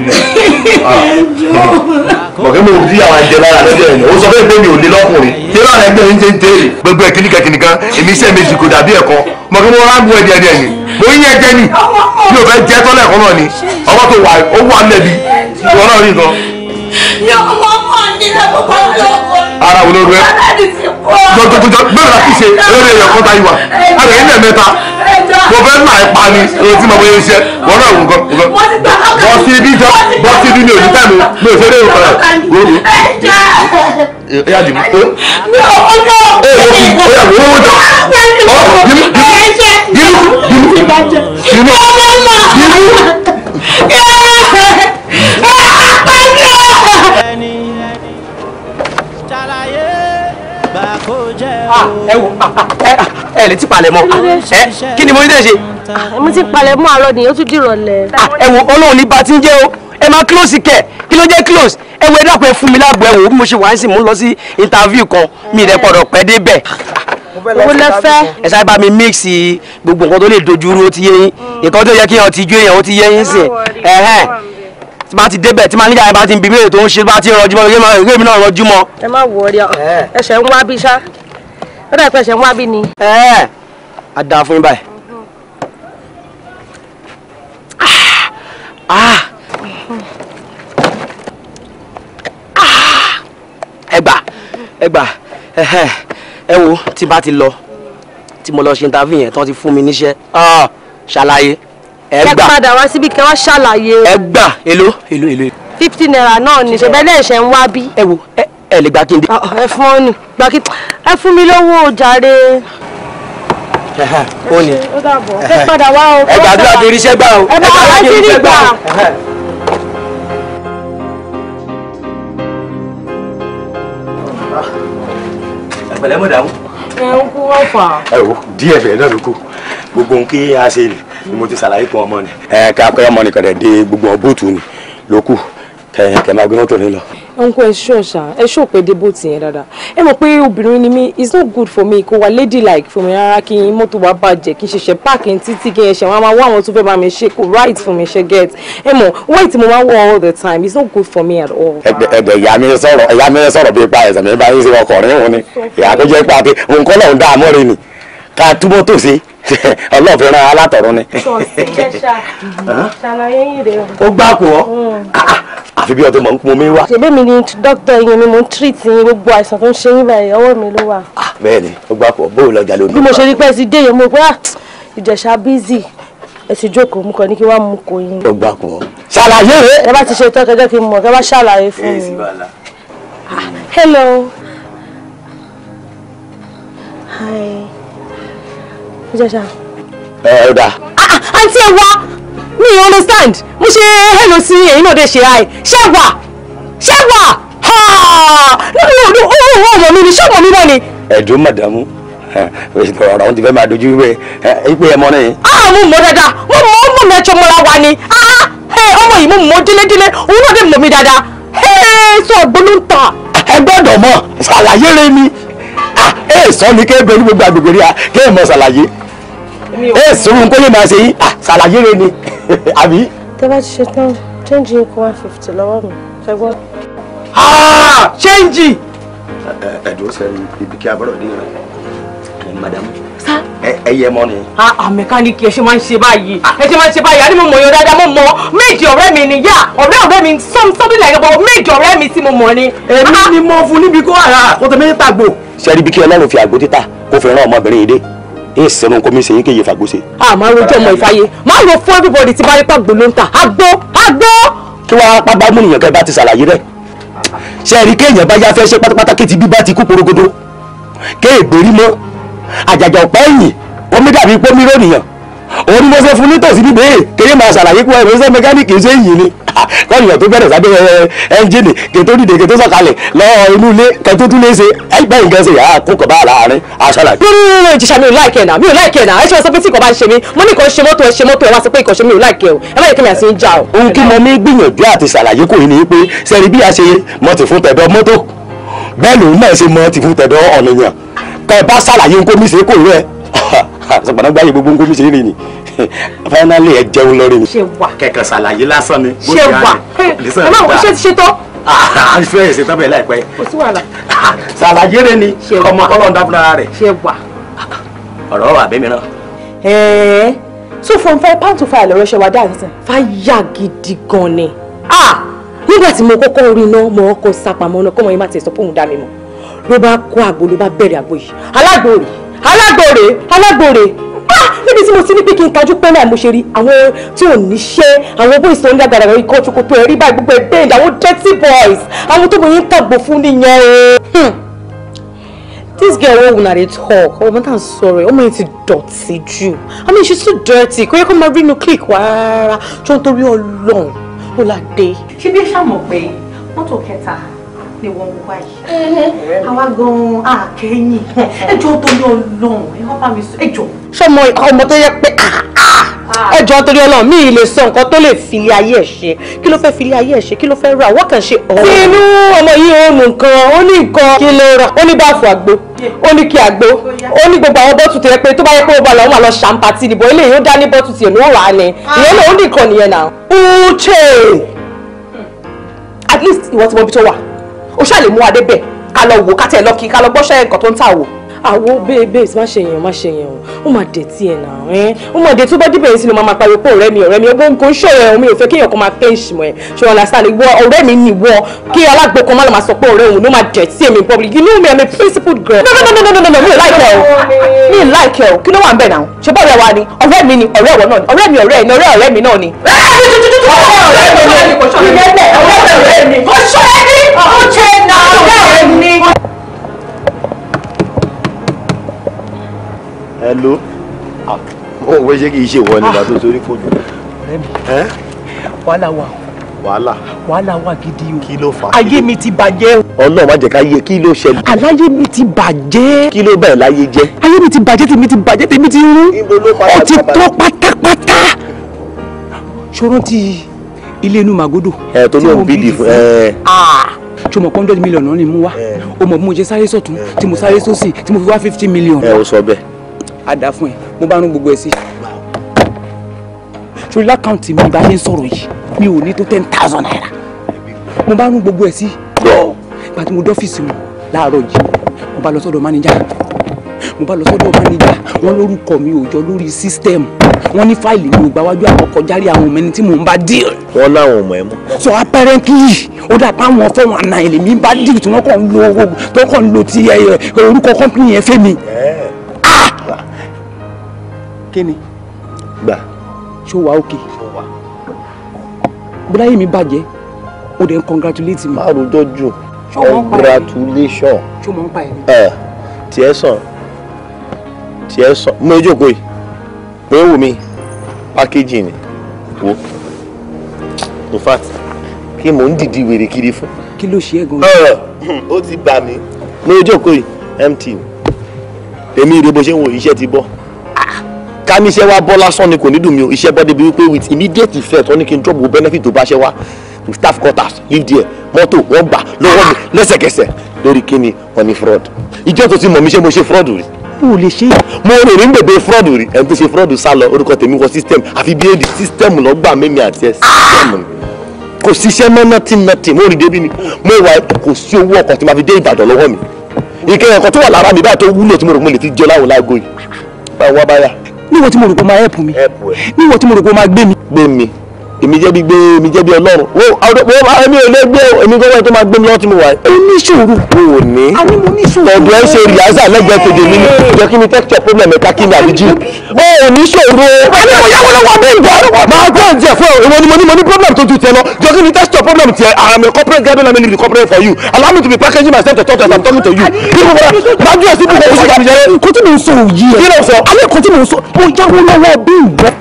mọ̀kẹ́ mo rí àwọn ẹ̀jẹ̀ lára lọ́jọ́ ẹ̀yìn o sọ fún ẹgbẹ́ mi ò lé lọ́kùnrin yé lára ẹgbẹ́ mi ń jẹ́ ń tẹ́lẹ̀. gbogbo ẹ̀ kíníkà kíníkà èmi iṣẹ́ méjì kò dàbí ẹ̀kọ́ mọ̀kẹ́ mo rán gbọ́ ẹ̀dẹ̀ ẹ̀yìn mo yín ẹ̀jẹ̀ ni bí o fẹ́ jẹ́ tọ́lẹ̀ kan náà ni ọwọ́ tó wà ó wà lẹ́bi ìwọ náà rí nǹkan. ara wo ló rú ẹ jọjọjọjọ bẹ́ẹ̀ mo fẹ́ nà ẹ́ pa ni èyí tí mo bọ́ yẹn ṣe wọ́n náà wù nǹkan nǹkan bọ́ sí ibi jọ bọ́ sí ibi mi ò ní tẹ̀mí mi ò ṣe lé ìwọ̀n rẹ̀ wọ́n mi. ẹ yà dìbò. Ah, ẹ ẹ wọ́n mi ó yà wọ́n wọ́n jọ ọ dìbò dìbò dìbò dìbò dìbò dìbò. Ah, ẹ wo, ah, ah, ẹ ah ẹ lè ti palẹ̀ mọ́ ẹ kí ni mo ní tẹ̀ ṣe. Ah, mo ti palẹ̀ mọ́ àárọ̀ nìyẹn ó tún dìrọ̀lẹ́. Ah, ẹ wo ọlọ́run ní bá ti ń jẹ́ o ẹ máa close kẹ̀ kí ló jẹ́ close ẹ wo ẹ dàpọ̀ ẹ fún mi lágbo ẹ wò bí mo ṣe wá ń sìn mú lọ sí interview kan mi ìdẹ pọ̀dọ̀ pẹ́ débẹ̀. owó lẹ fẹ́. ẹ sáré bá mi mix gbogbo nǹkan tó lè dojúrú ó ti yé yín nǹkan tó yẹ kí èèyàn ti ju èèyàn ó ti yé yín sìn tí bá ti débẹ̀ tí máníjà yẹn bá ti ń bí mi ètò ń ṣe bá ti rọjú mọ́ ẹgbẹ́ mi náà rọjú mọ́. ẹ má wọrí ọ ń wá bí ṣá ó dà pẹ́ ṣe ń wá bí ni. ẹ ẹ a dáa fún yín báyìí. Ah, ah, ah. ẹgbà ẹgbà ẹ wo tí bá ti lọ tí mo lọ ṣe interview yẹn tán ti fún mi níṣẹ́ ṣàlàyé ẹ gbà. kẹ́ padà wá síbi kẹ́ wá ṣàlàyé. ẹ gbà èló èló fifty naira náà ní ṣe bẹ́ẹ̀ lẹ́ẹ̀ṣẹ̀ ń wá bí. ẹ wo ẹ ẹ lè gba kíndé. Ah, ẹ fún ọ ni gba kí ẹ fún mi lówó jàre. ó ní ẹ padà wá o. ẹ gbàdúrà kí irinṣẹ́ gbà o. ẹ bá wá sí ní gbà. ẹ̀pẹ̀lẹ́ mọ̀ dàmú. ẹ ń kú wọ́n fà. ẹ wo díẹ̀ bẹ̀rẹ̀ náà ló kù gbogbo ohun a ṣe ni mo ti ṣàlàyé fún ọmọ ni. ẹ ká pẹ́ ọmọ nìkan dẹ̀ dé gbogbo ọ̀bùtù ni ló kù kẹ máa gbé mọ́tò mi lọ. uncle ẹ ṣọ́ ṣá ẹ ṣọ́ pé débò tìyẹn dáadáa ẹ mọ̀ pé obìnrin ni mí it's not good for me kó wa lady like fún mi rárá kí mọ́tò wa bàjẹ́ kí n ṣẹ̀ṣẹ̀ páàkì títí kí n ṣẹ̀ wọ́n á máa wá àwọn tó fẹ́ bá mi ṣe kó right fún mi ṣe get ẹ mọ̀ white mo máa wọ all the time it's not good for me at all. ẹgbẹ ìyá mi sọ̀rọ̀ ìyá mi sọ̀rọ̀ bí ipa ẹsẹ mi bá yín sí ọkọ rẹ òun ni ìyá tó jẹ ipa pé òun kọ́ dáa mọ́rin ni ká túbọ̀ tó ṣe ọlọ́run fi ran alátọ̀run ni. ó gbá kú ọ hmm. ah, ah. àfi bí ọdún mọ̀ ń pọn mi wá. ṣèlè mi ni dókítà yín ni mo ń tírìtì yín gbogbo àìsàn tó ń ṣe yín báyìí ọwọ́ mi ló wà. Ah, bẹ́ẹ̀ ó gbá kú ọ bóun lọ jà lónìí. bí mo ṣe rí pẹ́ sí dé mo gbá ìjẹ̀ṣà bízì ẹ jókòó mú kàn ní kí wàá mú kò yín. ó gbá kú ọ. ṣàlàyé ẹ bá ti ṣe tán kí n mọ kẹ bá ṣàlàyé fún mi. hello. Ìjẹ̀ṣà. Ẹ ẹ dà. understand. ẹ wá, mi ò understand, mo ṣe hello sí èyí náà dé ṣe àì, ṣé No no wà? Oh, oh, oh, ọmọ mi ni, ṣé ọmọ mi náà ni? Ẹ̀dùn we go around ti fẹ́ máa we. wípé ipe ẹmọ ni. a ah, mo mọ dáadáa mo mọ ọmọ mi ẹjọ la wa ni Ah hey, ah, ọmọ yìí mo mọ délédélé òun náà dé mọ mi dáadáa Hey, so ló ń ta. ẹ gbọ́dọ̀ mọ̀ ṣàlàyé rẹ mi ẹ ah, eh, sọ ni kẹ́ bẹ ní gbogbo agbègbè rí a kẹ́ ẹ mọ ṣàlàyé ẹ eh, sọ fún kó lè máa ṣe yín ah, ṣàlàyé rẹ ni àbí. tẹ́ bá ti ṣe tán ṣéǹjì yín kó one fifty lọ́wọ́ mi ṣe gbọ́. ṣéǹjì. Ah, ẹ̀dùn sẹ́yìn ibi kí a bọ̀rọ̀ dé yàrá madam ẹyẹ mọ ni. mẹkáníìkì ẹ ṣe máa ń ṣe báyìí ẹ ṣe máa ń ṣe báyìí àní mo mọ̀ yàn dáadáa mo mọ̀ méjì ọ̀rẹ́ mi ni yá ọ̀rẹ́ ọ̀rẹ́ mi something like about méjì ọ̀rẹ́ mi tí mo mọ̀ ni. èmi ni mo fún níbi kó ara kó tẹ méjì tàgbò. sẹ́rí bí kí ọlọ́run fi àgbo títà kó fi rán ọmọbìnrin yìí dé ẹ sẹ́nu kó mi ṣe yín kéye fàgbó ṣe. a máa rojọ́ ọmọ ìfàyè máa ro fún everybody tí bá rí pàgbó ló ń ta àgbo àgbo. kí wàá pàgbá mú nìyẹn kẹ́ bá ti ṣàlàyé rẹ̀ ṣe é rí kéèyàn bá yá fẹ́ ṣe pátápátá kí ti bí bá ti kú porogodo kéègbèrí àjàjà ọ̀pẹ́ ẹ̀yìn omi dàbí pómi lónìyàn òun ni mo ṣe fún nítòsí níbẹ̀ kéye máa ṣàlàyé pé ẹ̀rọ iṣẹ́ mẹkáníìkì ṣe yìí ni kọ́nìyàn tó bẹ̀rẹ̀ sábẹ́ ẹ́ńjìnì kí tó dìde kí tó sọ̀kalẹ̀ lọ́wọ́ inú ilé kí tó tún lè ṣe ẹgbẹ́ nǹkan ṣe yàrá ah, kókò bá láàrin aṣọ́là. mi ò mi ò jìṣà mi ò láìkẹ́ náà mi ò láìkẹ́ náà ẹ ṣe wọ́n sọ pé tí nǹkan bá ń ṣe mí mo ní kò ṣe mọ́tò ẹ ṣe mọ́tò ẹ wá sọ pé nǹkan ṣe mi ò láìkẹ́ o ẹ má yẹ kí mi àti ń jà o. ohun kí mo mi gbìyànjú àti ṣàlàyé kò ní pé sẹ́ni bí a ṣe mọ́tì fún tẹ̀dọ̀ mọ́tò bẹ́ẹ̀ lòun náà ṣe mọ́tì fún tẹ̀dọ̀ ọ̀nìyàn tẹ bá ṣàlàyé nkomi ṣe kò rẹ sọgbọnà gbáyé gbogbo nkomi ṣe rìn ni finally ẹ jẹun lọ rìn ni. ṣe wà kẹkẹ ṣàlàyé lásán ni. ṣe wà ẹ máa wọ ṣé ti ṣe tán. a fẹ́ ẹ̀ ṣe tán bẹ́ẹ̀ láìpẹ́. kò sí wàhálà. ṣàlàyé rẹ ni ọmọ ọlọ́run dábúra rẹ̀. ṣe wà. ọ̀rọ̀ wà bẹ́ẹ̀ mìíràn. ẹ̀ẹ́ so from five pound to five lọ́rọ̀ ṣe wà dáàtì. fáyà gidi gan ni ah! nígbà tí mo kọ́kọ́ rí iná mo kọ́ sápamọ́ náà kọ́mọ yín má ti sọ fóun dá mi mọ̀ ló bá kó àgbo ló bá bẹ̀rẹ̀ àgbo yìí alágbòrè alágbòrè alágbòrè ah! níbi tí mo ti ní pé kí n tajú pé mo ṣe rí àwọn tí ò ní ṣe àwọn bó ìsọ ní agbára ìkọ́ ṣòkòtò ẹ̀rí báyìí gbogbo ẹ̀dẹ́ ìdáwó dirty boys àwọn tó bóyá ń tàgbò fún nìyẹn o. Hmm. this girl wey una dey talk ọmọ tá à ń sọ̀rọ̀ ọmọ yẹn ti dọ̀tí jù i mean she's too dirty kò yẹ kó máa rí inú click wàrà tó ń torí ọlọ́run ó la dé. ṣé bí ẹ ṣàmọ̀ pé mọ́tò kẹta ni wọ́n ń wá yìí àwa gan-an àkẹ́yìn ẹjọ́ torí ọlọ́run ẹ wá bá mi sọ ẹjọ́. sọmọ ọmọ tó yẹ pé ah. ẹjọ́ torí ọlọ́run mi ì lè sọ nǹkan tó lè fi ilé ayé ẹ̀ ṣe kí ló fẹ́ fi ilé ayé ẹ̀ ṣe kí ló fẹ́ rà wọ́n kàn ṣe ọ̀rọ̀. tí inú ọmọ yìí ó nu nǹkan ó ní nǹkan kí lè rà ó ní báàfù àgbo ó ní kí àgbo ó ní gbogbo àwọn bọ́tù tó yẹ pé tó bá yẹ pé ó bá lọ́wọ́ lọ ṣàǹpàtì nìbọn eléyìí ó dá ní bọ́tù tiẹ̀ ló rà á ni ah. ìyẹn náà ó ní nǹkan nìyẹn náà. uche hmm. at least ìwọ ti mọ ibi tó wà ó ṣáà lè mú adé bẹ̀ ká lọ wò ká tẹ̀ lọ kí ká lọ gbọ́ṣẹ́ nǹkan tó ń tà wò. àwo babes má ṣe yẹn má ṣe yẹn o ó mà dé tí ẹ nà ẹ ó mà dé tó bá dìbẹ̀ yẹn sínú máa pariwo pé ọ̀rẹ́ mi ọ̀rẹ́ mi ẹgbẹ́ nǹkan ṣòro ẹ̀hún mi ò fẹ́ kí èèyàn kan máa pẹ́ ìṣìmọ̀ ẹ̀ ṣe wọn lásán ìwọ ọ̀rẹ́ mi ni ìwọ kí alágbó kan má lọ máa sọ pé ọ̀rẹ́ òun ló máa dẹ̀ tí èmi public you know me I'm a principled girl no no no no no no mi ò láìkẹ́ o mi ò láìkẹ́ o kí ló wà ń bẹ̀ náà ṣe bọ́ọ̀rẹ́ wa ni ọ̀rẹ́ mi ni ọ̀rẹ́ ìwọ náà ni ọ̀rẹ́ mi ọ̀rẹ́ ẹ̀ ni ọ̀rẹ́ ọ̀rẹ́ mi náà ni. ọ̀rẹ́ ọ̀rẹ́ mi ni kò ṣọ́ọ́ hello mo wọ́n ṣe kì He ṣe ìwọ nígbà tó torí fóònù. wàhálà wà. wàhálà. wàhálà wà gidi o. kí ló fà á. ayé mi ti bàjẹ́. ọlọ́run má jẹ́ ká yé kí ló ṣẹlẹ̀. àláyé mi ti bàjẹ́. kí ló bẹ̀rẹ̀ láyé jẹ́. ayé mi ti bàjẹ́ tèmi ti bàjẹ́ tèmi ti rú. ibo ló ó ti tọ́ pátápátá. ṣòro ti ilé inú màgódò. ẹ tó ló ń bídì fún ẹ tí mo mọ̀ hundred million náà ni mú wá eh. o mọ̀ bí mo ṣe sáré sọ̀tún eh. tí mo sáré sósì tí mo fi wá fifty million. ẹ eh, o sọ bẹ́ẹ̀. a dà fún ẹ mo bá rún gbogbo ẹ sí. sori lákàntì mi bá ṣe ń sọ̀rọ̀ yìí mi ò ní tó ten thousand naira mo bá rún gbogbo ẹ sí. ìgbà tí mo dọ́fíìsì wọn láàárọ̀ yìí mo bá lọ sọ́dọ̀ máníjà mo bá lọ sọ́dọ̀ máníjà wọn lórúkọ mi ò jọ lórí sísítẹ́ẹ̀mù wọ́n ní fáìlì mi ò gba wájú àwọn kọjárí àwọn ọmọ ẹni tí mò ń bá díìl. wọ́n láwọn ọmọ ẹ mú. so apparently ó dà pé àwọn fọwọn àna ẹ lèmi bá díìl tí wọ́n kàn ń lo owó tó kàn ń lo ti orúkọ kọ́ńpìnì yẹn fẹ́mi. Ah! kí ni. gbà. ṣó wa òkè. bọ́dá yìí mi bàjẹ́ o dẹ̀ ń congratulate mi. máa rojọ́ jù congratulation. ṣó mọ̀ ń pa ẹ̀ ni. tiẹ̀ sàn tiẹ̀ sàn mo jókòó yìí bẹ́ẹ̀ wò mí pákéjì ni wo in fact kí mò ń dìdí wèrè kiri fún. kí ló ṣe é gan-an. ó ti bà mí. ní ojú òkú yìí mt èmi rè bó ṣe ń wo iṣẹ́ ti bọ́ ah, káníṣẹ́ wa bọ́ lásán ni kò ní dùn mí o iṣẹ́ bọ́ débi wípé with immediate effect wọ́n ní kí n drop wo benefit tó bá ṣe wá staff quarters leave there mọ́tò wọ́n gbà lọ́wọ́ mi lẹ́sẹ̀kẹsẹ̀ lórí kí ni wọ́n fraud ìjọ́ tó ti mọ̀ mí ṣe mo ṣe fraud rí o lè ṣe. mo rò rí gbèdé fúrọ́ọ̀dù rí ẹni tó ṣe fúrọ́ọ̀dù sá lọ orúkọ tèmi wọ system àfi bí èdè system lọ́gbà mímí àti ẹ system ni kò síṣẹ́ mọ́ nothing nothing mo rí débi ni mo wà kò sí owó ọkọ̀ tí ma fi dé Ìbàdàn lọ́wọ́ mi ìkẹyìn ọkọ̀ tó wà lára mi báyìí tó wúlò tí mo rò mo lè ti jẹ láwọn láago yìí báwo wá báyà. níwọ̀n tí mo rò pé o máa help mi níwọ̀n tí mo rò pé o máa gbé mi. gbé mi èmi jẹ́ bí gbé èmi jẹ́ bí ọlọ́run wo èmi ò lè gbé èmi gbọ́dọ̀ tó máa gbé mi lọ́wọ́ mo wà yìí. èmi ní sùúrù. o ò ní. ní ọ̀dọ̀ ẹ ṣe rìhásà lẹ́gbẹ̀ẹ́ tèdè mi jẹ́ kí mi tẹ́kítọ̀ pọ́blẹ̀mù ẹ̀ka kí mi àbíjí. o ò ní mo yáwó lọ́wọ́ mi ni mo ní mo ní ah, to be you. ẹ̀ sí bí ẹ̀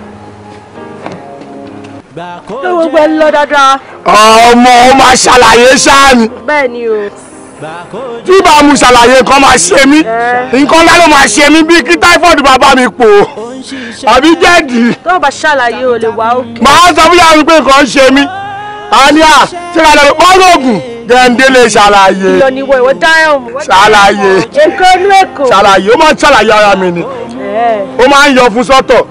ló gbogbo ẹ lọ dáadáa. ọmọ ó máa ṣàlàyé ṣáà ni. bẹ́ẹ̀ ni o. tí bá mu ṣàlàyé kan máa ṣe mí nǹkan ńlá ló máa ṣe mí bíi kí táífọ̀dù bàbá mi pò àbí jẹ́ẹ̀dì. tó o bá ṣàlàyé o lè wá òkè. màá sọ fún yàrá mi pé nǹkan ń ṣe mí. àníyà ṣé ká lọ lọ pọ́n lóògùn gẹ́ndélé ṣàlàyé ṣàlàyé ṣàlàyé ó máa ń ṣàlàyé ara mi ni ó máa ń yọ fún sọ́tọ̀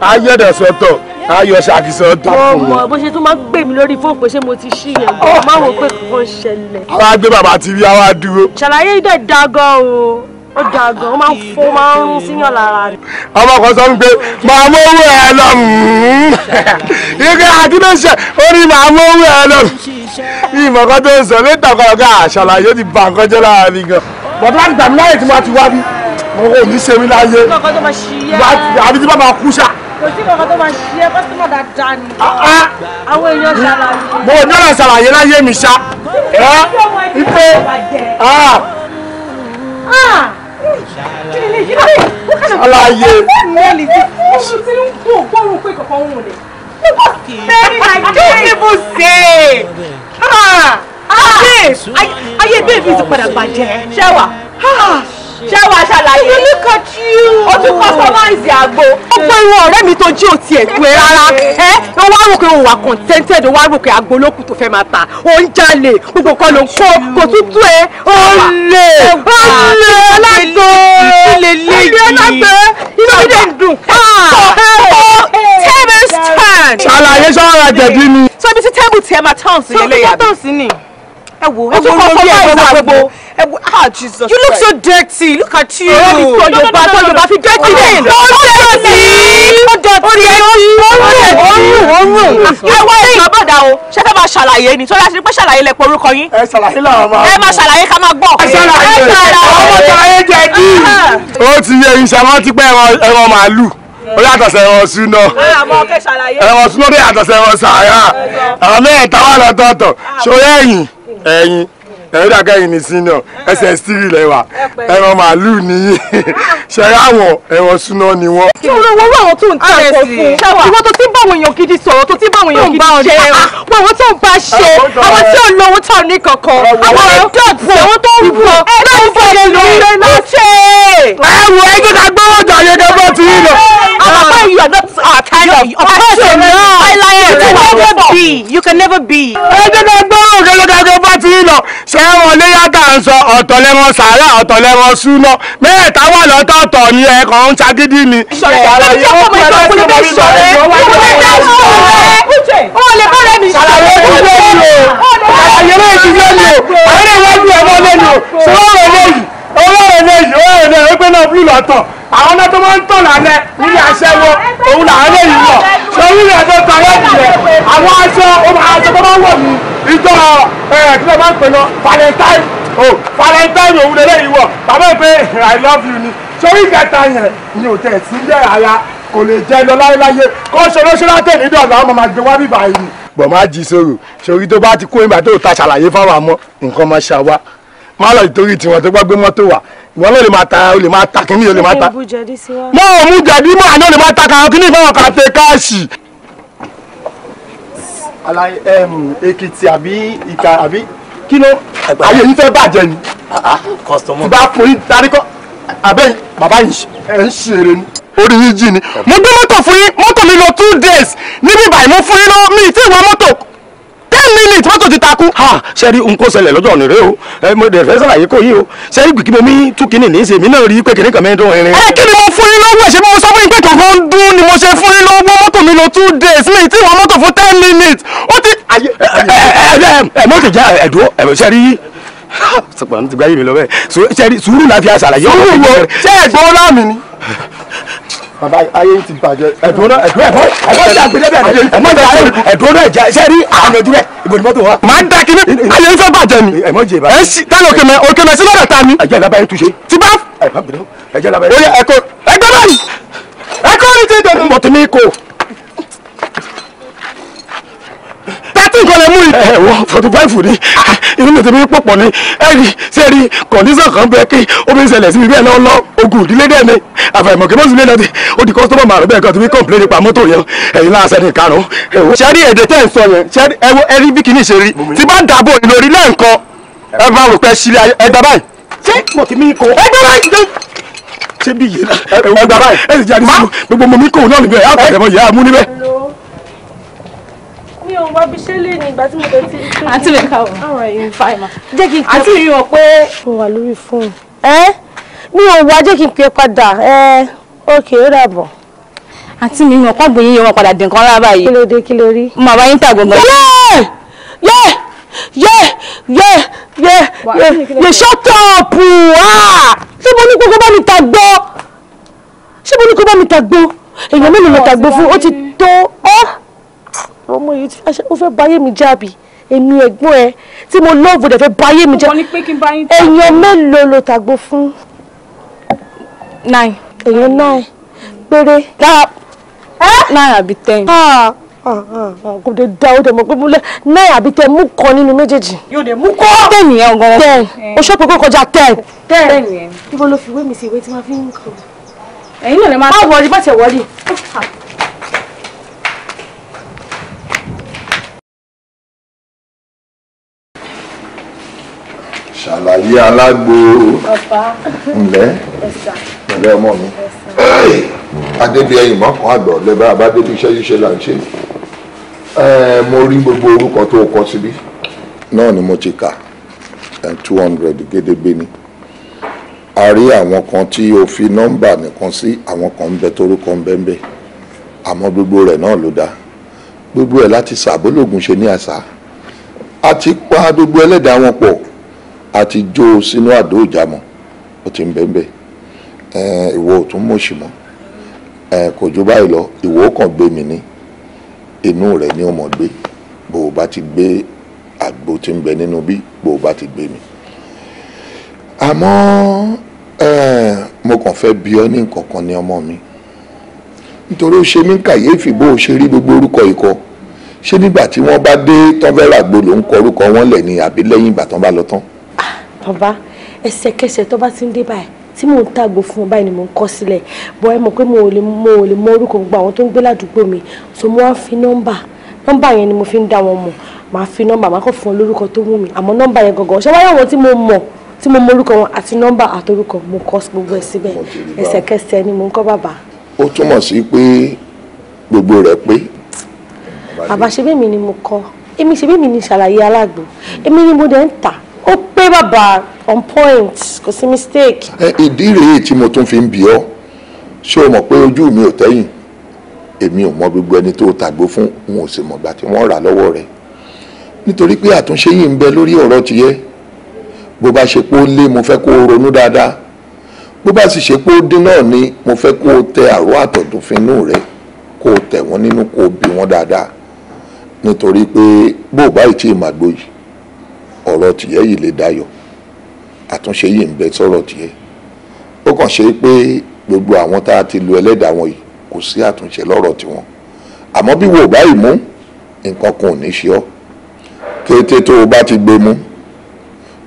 ayé dẹ̀ sọ́tọ̀ ayọ̀ ṣàkísọ tó fún mi. ọmọ bó ṣe tún máa ń gbè mí lórí fóònù pé ṣé mo ti ṣí yẹn mo oh. máa wò pé kò ṣẹlẹ̀. àwa gbé bàbá ti rí àwa dúró. ṣàlàyé dẹ̀ da gan o ó da gan ó máa ń fún máa ń rún síyàn lára rẹ̀. ọmọ kan sọ pé màá mú owó ẹ lọ ike àdínàṣẹ ó ní màá mú owó ẹ lọ ìmọ̀kan tó ń sọ létà kọ̀ọ̀kan àṣàlàyé ti bà nǹkan jẹ́ lára mi gan bọ̀dọ̀ láti gbàmí láyè tí wọ́n ti wá bí wọn kò ní ṣe mí láyé àbí tí bá máa kú ṣáà kò sí kankan tó máa ṣe ẹ kọ́sítọ́mọ̀ dáadáa ni. Ah, ah. àwọn èèyàn ṣàlàyé. mo ní ọ̀rọ̀ ṣàlàyé láyé mi ṣá. ẹ ipe ah. ṣàlàyé. oṣù tí ń gbò gbóòrùn pé kankan ń wọlé. very like don't even say. ayé ayé bẹ́ẹ̀ mi ti padà bàjẹ́ ṣẹ́wà ṣé wàá ṣàlàyé o tún customize àgbo. ó pé ìwọ ọ̀rẹ́ mi tó jí òtí ẹ̀ pé rárá ẹ ó wá rò pé òun wà contented ó wá rò pé àgbo lókù tó fẹ́ máa ta ó ń jalè gbogbo kan ló ń kó kò tún tú ẹ ó lè ó lè alágbó ilé alágbó inú mi dẹ̀ ń dùn. Ah. Ah. table stand. ṣàlàyé ṣọ́ra jẹ̀bi ni. sọ ibi tí table tiẹ̀ máa tán sí ilé yàrá. tán sí ni. ẹ wo ẹ wo lórí ẹ̀ gbogbo. Ah, Jesus You look Christ. so dirty. Look at you. Oh, no, no, no, no, no, no, no. Oh, dirty Oh, rain. Oh, dirty. Oh, dirty. Oh, dirty. Oh, dirty. Ẹ wá ẹ̀yìn ọ̀bọ̀dà o. Ṣé fẹ́ máa ṣàlàyé ni? Sọ́dọ̀ àti pé ṣàlàyé lẹ pọ̀ orúkọ yín. Ẹ ṣàlàyé làwọn máa. Ẹ máa ṣàlàyé ká máa gbọ́. Ẹ ṣàlàyé. Ẹ ṣàlàyé. Ọmọ ṣàlàyé jẹ̀dí. Ó ti yẹ ìṣàmọ́ ti pẹ́ ẹran màálù ó yàtọ̀ sẹ́wọ̀n súná ẹ̀wọ̀n súná ó yàtọ̀ sẹ́wọ̀n sàárà àwọn mẹ́ẹ̀ẹ́ta wà lọ́tọ̀ọ̀tọ̀ ṣó yẹ́yìn ẹ̀yìn ẹ̀rọ dàgẹ́yìn ní senior eh. ẹsẹ̀ stiri lẹ́wà ẹ̀rọ màálùú nìyí ah. ṣẹ̀rẹ̀ àwọn ẹ̀rọ súná ni wọ́n. tí olówó wà wọ́n tó ń ta ẹ̀kọ́ fún ìwọ tó ti báwọn èèyàn gidi sọ̀rọ̀ tó ti báwọn èèyàn gidi ṣe wọ́n wọ́n tó ń bá ṣe àwọn tí ò lówó tà ní kankan àwọn ẹ̀dọ́tì àwọn tó ń bọ̀ láì fọ̀rọ̀ lórí lọ́sẹ̀. ẹ wo ẹgbẹ́ ká gbọ́wọ́ jà yẹn kẹ́fọ́ ti yín lọ. Papa, ah, ah. you are not our kind of person. I like you can never be. You can never be. Ẹgbẹ́ ká gbọ́wọ́ jà yẹn kẹ́fọ́ ti yín lọ ẹ̀wọ̀n léyà tá à ń sọ ọ̀tọ̀ lẹ́wọ̀n sàárà ọ̀tọ̀ lẹ́wọ̀n súná mẹ́ẹ̀ta wà lọ́tọ̀ọ̀tọ̀ ni ẹ̀ kàn ń ṣagídí ni. àwọn náà tó máa ń tọ̀ lálẹ́ nílé aṣẹ́wó òun làwọn eléyìí lọ sọ wíwẹ̀ tó tọ̀ lẹ́yìn rẹ̀ àwọn aṣọ aṣọ tó máa ń wọ̀ mí ìjọ tí wọ́n bá ń pè lọ valentine o oh, valentine òun lélẹ́yìí wọ̀ bàbá ìpè i love you ni sórí ìkẹta yẹn ni ò tẹ̀ sí bẹ́ẹ̀ ara kò lè jẹ́ lọ láéláyé kó ṣoróṣoró àtẹ̀lé dọ̀là ọmọ máa gbé wá bíbá yìí. bọ̀ má jí sòrò sórí tó bá ti kó ìgbà tó ta ṣàlàyé fáwọn àmọ́ nǹkan máa ṣàwá má lọ ìtorí tiwọn tó gbàgbé mọ́tò wà ìwọ náà lè máa ta o lè máa ta kínní o lè máa ta. mo ò mú jẹ̀dí mọ́ àná lè máa ta kàkínní fáwọn kàtẹ́káàsì èkìtì àbí ìka àbí kí ló ayé yìí fẹ́ bàjẹ́ ni ah, ah, tí bá fún yín darí kọ́ abẹ́ bàbá yìí ẹ̀ ń ṣeré ni orí yìí jì ni mo gbé mọ́tò fún yín mọ́tò mi lọ two days níbí báyìí mo fún yín lọ́wọ́ mi ì tí ì wọ mọ́tò ten minutes mọ́tò ti takú. ha sẹ́rí nǹkó ṣẹlẹ̀ lọ́jọ́ ọ̀nì rẹ o mo dẹ̀ fẹ́ sàlàyé kò yí o sẹ́rí gbìgbì mo mi tún kinní ní í ṣe mí náà rí pé kinní kan mẹ́rin tó rin rin. ẹ kí ni mo fún yín lọ́wọ́ ṣe bí mo sọ fún yín pé kankan dún ni mo ṣe fún yín lọ́wọ́ mọ́tò mi lọ two days mi ti wọn mọ́tò fún ten minutes ó ti. ẹ mọ́tò jẹ́ ẹ̀dùn ẹ̀ sẹ́rí sọ̀pọ̀ àti gbáyé mi lọ bẹ́ẹ̀ sẹ́rí sùúrù láfi àṣàlàyé. sùúrù wo ṣé ẹ̀gbọ́n láàmì ni bàbá ayé ti bàjẹ́. ẹ̀dùn náà ẹ̀dùn ẹ̀fọ́ ẹ̀fọ́ ti àgbélé bẹ́ẹ̀ ni ẹ̀mọ́ jẹ ayé ẹ̀dùn náà jẹ ṣe rí àmì ojú rẹ̀ ìbò ni mọ́tò wa. màá da kí ni ayé ń fẹ́ bàjẹ́ mi. ẹ̀mọ́ jẹ ìbàjẹ́. ẹ sì tẹ́lẹ̀ òkè mẹ́ òkè mẹ́ sí lọ́dọ̀ ta mi. ẹ̀jẹ̀ lábẹ́ yín túṣe. ti bá. ẹ̀jẹ̀ lábẹ́ yín. ẹ̀kọ́ ẹ̀gbẹ́ báyìí ẹ̀kọ́ ni ti dẹnu. mọ̀tò mi kò. nǹkan lè mú yìí. ẹ wọ forty five ni ah. inú mi ti fi pọ̀pọ̀ ni ẹ rí ṣe rí kọ̀ǹdíṣàn kan bẹ kí obìnrin ṣẹlẹ̀ sí mi bẹ́ẹ̀ náà lọ ogun ìdílé dẹ́ mi àfàìmọ̀ kí mọ́sùlùmí náà ti ó di kọ́sítọ́mọ̀ màrún bẹ́ẹ̀ kan ti fi kọ́ǹpìlẹ̀ nípa mọ́tò yẹn ẹ̀yin náà ṣẹ́ni ìkarùn-ún. ṣẹ́rí èdè tẹ́ ń sọ yẹn ẹ̀rí bí kìíní ṣe rí tí bá dàbò ìlò orílẹ̀ nǹkan ẹ bá rò pé sílẹ̀ ẹgbẹ́ báyìí. ṣé mo ti mí kó. ẹgbẹ́ báyìí ṣé bí mi ò wá bí ṣe lè ní ìgbà tí mo tẹ̀sí. àǹtí mi káwọ̀ jẹ́ kí n pè é àǹtí mi wọ̀ pé. mo wà lórí fóònù mi ò wá jẹ́ kí n pè é padà ok ó dàbọ̀. àǹtí mi wọ̀ pàgbé yín wọn padà dín kan lára yìí. kí ló dé kí ló rí. mo àbá yín tà gbọ̀ngàn. yẹ yẹ yẹ yẹ yẹ yẹ shut up ah! ṣé mo ní kókó bá mi ta gbọ́ ṣé mo ní kókó bá mi ta gbọ́ èèyàn mélòó lọ ta gbọ́ fún ó ti tó ọ́ ọmọ yìí ó fẹ́ báyé mi jábì èmi ẹ̀gbọ́n ẹ tí mo lọ́ọ̀bù dẹ̀ fẹ́ báyé mi jábì èèyàn mélòó lo tàgbo fún. nine. èèyàn nine péré. nine àbí ten ah, ah, ah, kò dé da ó dẹ̀ mọ̀ pé múlẹ̀ náà àbí tẹ mú kan nínú méjèèjì. yóò dé mú kọ́. ten yẹn ọgọ́rọ́. ten o ṣọ́ọ̀pù kó kọjá ten. ten yẹn. ibo ló fi ìwé mi sí ìwé tí wọ́n fi ń kọ. ẹ̀yin náà lè máa. báwo rí bá tẹ̀ wọ́rí. ṣàlàyé alágbo ǹlẹ́ ǹlẹ́ ọmọ mi adébí ẹyìn mọ́kàn àgbọ̀ lẹ́bàá abádébí iṣẹ́ ṣíṣe là ń ṣe mo rí gbogbo orúkọ tó kọ síbí náà ni mo ti kà two hundred gédégbé ni a rí àwọn kan tí o fi nọ́mbà nìkan sí àwọn kan ń bẹ torúkọ ń bẹ ń bẹ àmọ́ gbogbo rẹ̀ náà ló dáa gbogbo ẹ̀ láti sàbólògùn ṣe ní àṣà àti pa gbogbo ẹlẹ́dàá wọn pọ̀ àti jó sínú àdó ìjàmọ̀ ó ti ń bẹ́ẹ̀ bẹ́ẹ̀ ìwọ ò tún mọ̀ṣì mọ́ kò ju báyìí lọ ìwọ kàn gbé mi ní inú rẹ̀ ni ọmọ gbé bó o bá ti gbé àgbo tí ń bẹ nínú bí bó o bá ti gbé mi. àmọ́ mo kàn fẹ́ bi ọ́ ní nǹkan kan ní ọmọ mi nítorí ó ṣe mí kàyéfì bó o ṣe rí gbogbo orúkọ ikọ ṣé nígbà tí wọ́n bá dé tán fẹ́ ń kọ orúkọ wọn lẹ̀ ni àbí lẹ́yìn ìgbà tán bá lọ tán bàbá ẹsẹ̀kẹsẹ̀ tó bá ti ń dé báyìí tí mò ń tàgò fún ọ báyìí ni mò ń kọ sílẹ̀ bọ́ ẹ mọ̀ pé mo ò lè mo ò lè mọ orúkọ gbogbo àwọn tó ń gbé ládùúgbò mi so mo wá fi nọ́mbà nọ́mbà yẹn ni mo fi ń dá wọn mọ̀ màá fi nọ́mbà màá kọ́ fún ọ lórúkọ tó wù mí àmọ́ nọ́mbà yẹn gangan ṣé wáyà wọn tí mo mọ̀ tí mo mọ orúkọ wọn àti nọ́mbà àtorúkọ mo kọ gbogbo ẹ síbẹ̀ ẹsẹ̀kẹsẹ̀ ni mo ń kọ́ bàbá. ó túmọ̀ sí pé gbogbo rẹ̀ pé. bàbá ṣebí mi ni mo kọ èmi ṣebí mi ni ṣàlàyé alágbó èmi ni mo dẹ̀ ń tà ó pé bàbá on point kò sí mistake. ìdí rèé tí mo tún fi ń bi ọ́ ṣé o mọ̀ pé ojú mi ò tẹ́yìn èmi ò mọ gbogbo ẹni tó tàgbó fún n ò sì mọ̀ gbà tí wọ́n rà lọ́wọ́ rẹ̀ nítorí pé àtúnṣe yìí ń bẹ lórí ọ̀rọ̀ tìyẹ bó bá ṣe pé ó lé mo fẹ́ kó o ronú dáadáa bó bá sì ṣe pé ó dín náà ni mo fẹ́ kó o tẹ àrò àtọ̀dúnfinú rẹ kó o tẹ̀ wọ́n nínú kó o bí wọ́n dáadáa nítorí pé bó o bá ì tí ì màgbó yìí ọ̀rọ̀ tìyẹ́ yìí lè dayọ̀ àtúnṣe yìí ń bẹ sọ̀rọ̀ tìyẹ́ ó kàn ṣe pé gbogbo àwọn tá a ti lu ẹlẹ́dàá wọn yìí kò sí àtúnṣe lọ́rọ̀ tiwọn àmọ́ bí wò báyìí mú nǹkan kan ò ní ṣe ọ́ kété tó o bá ti gbé mú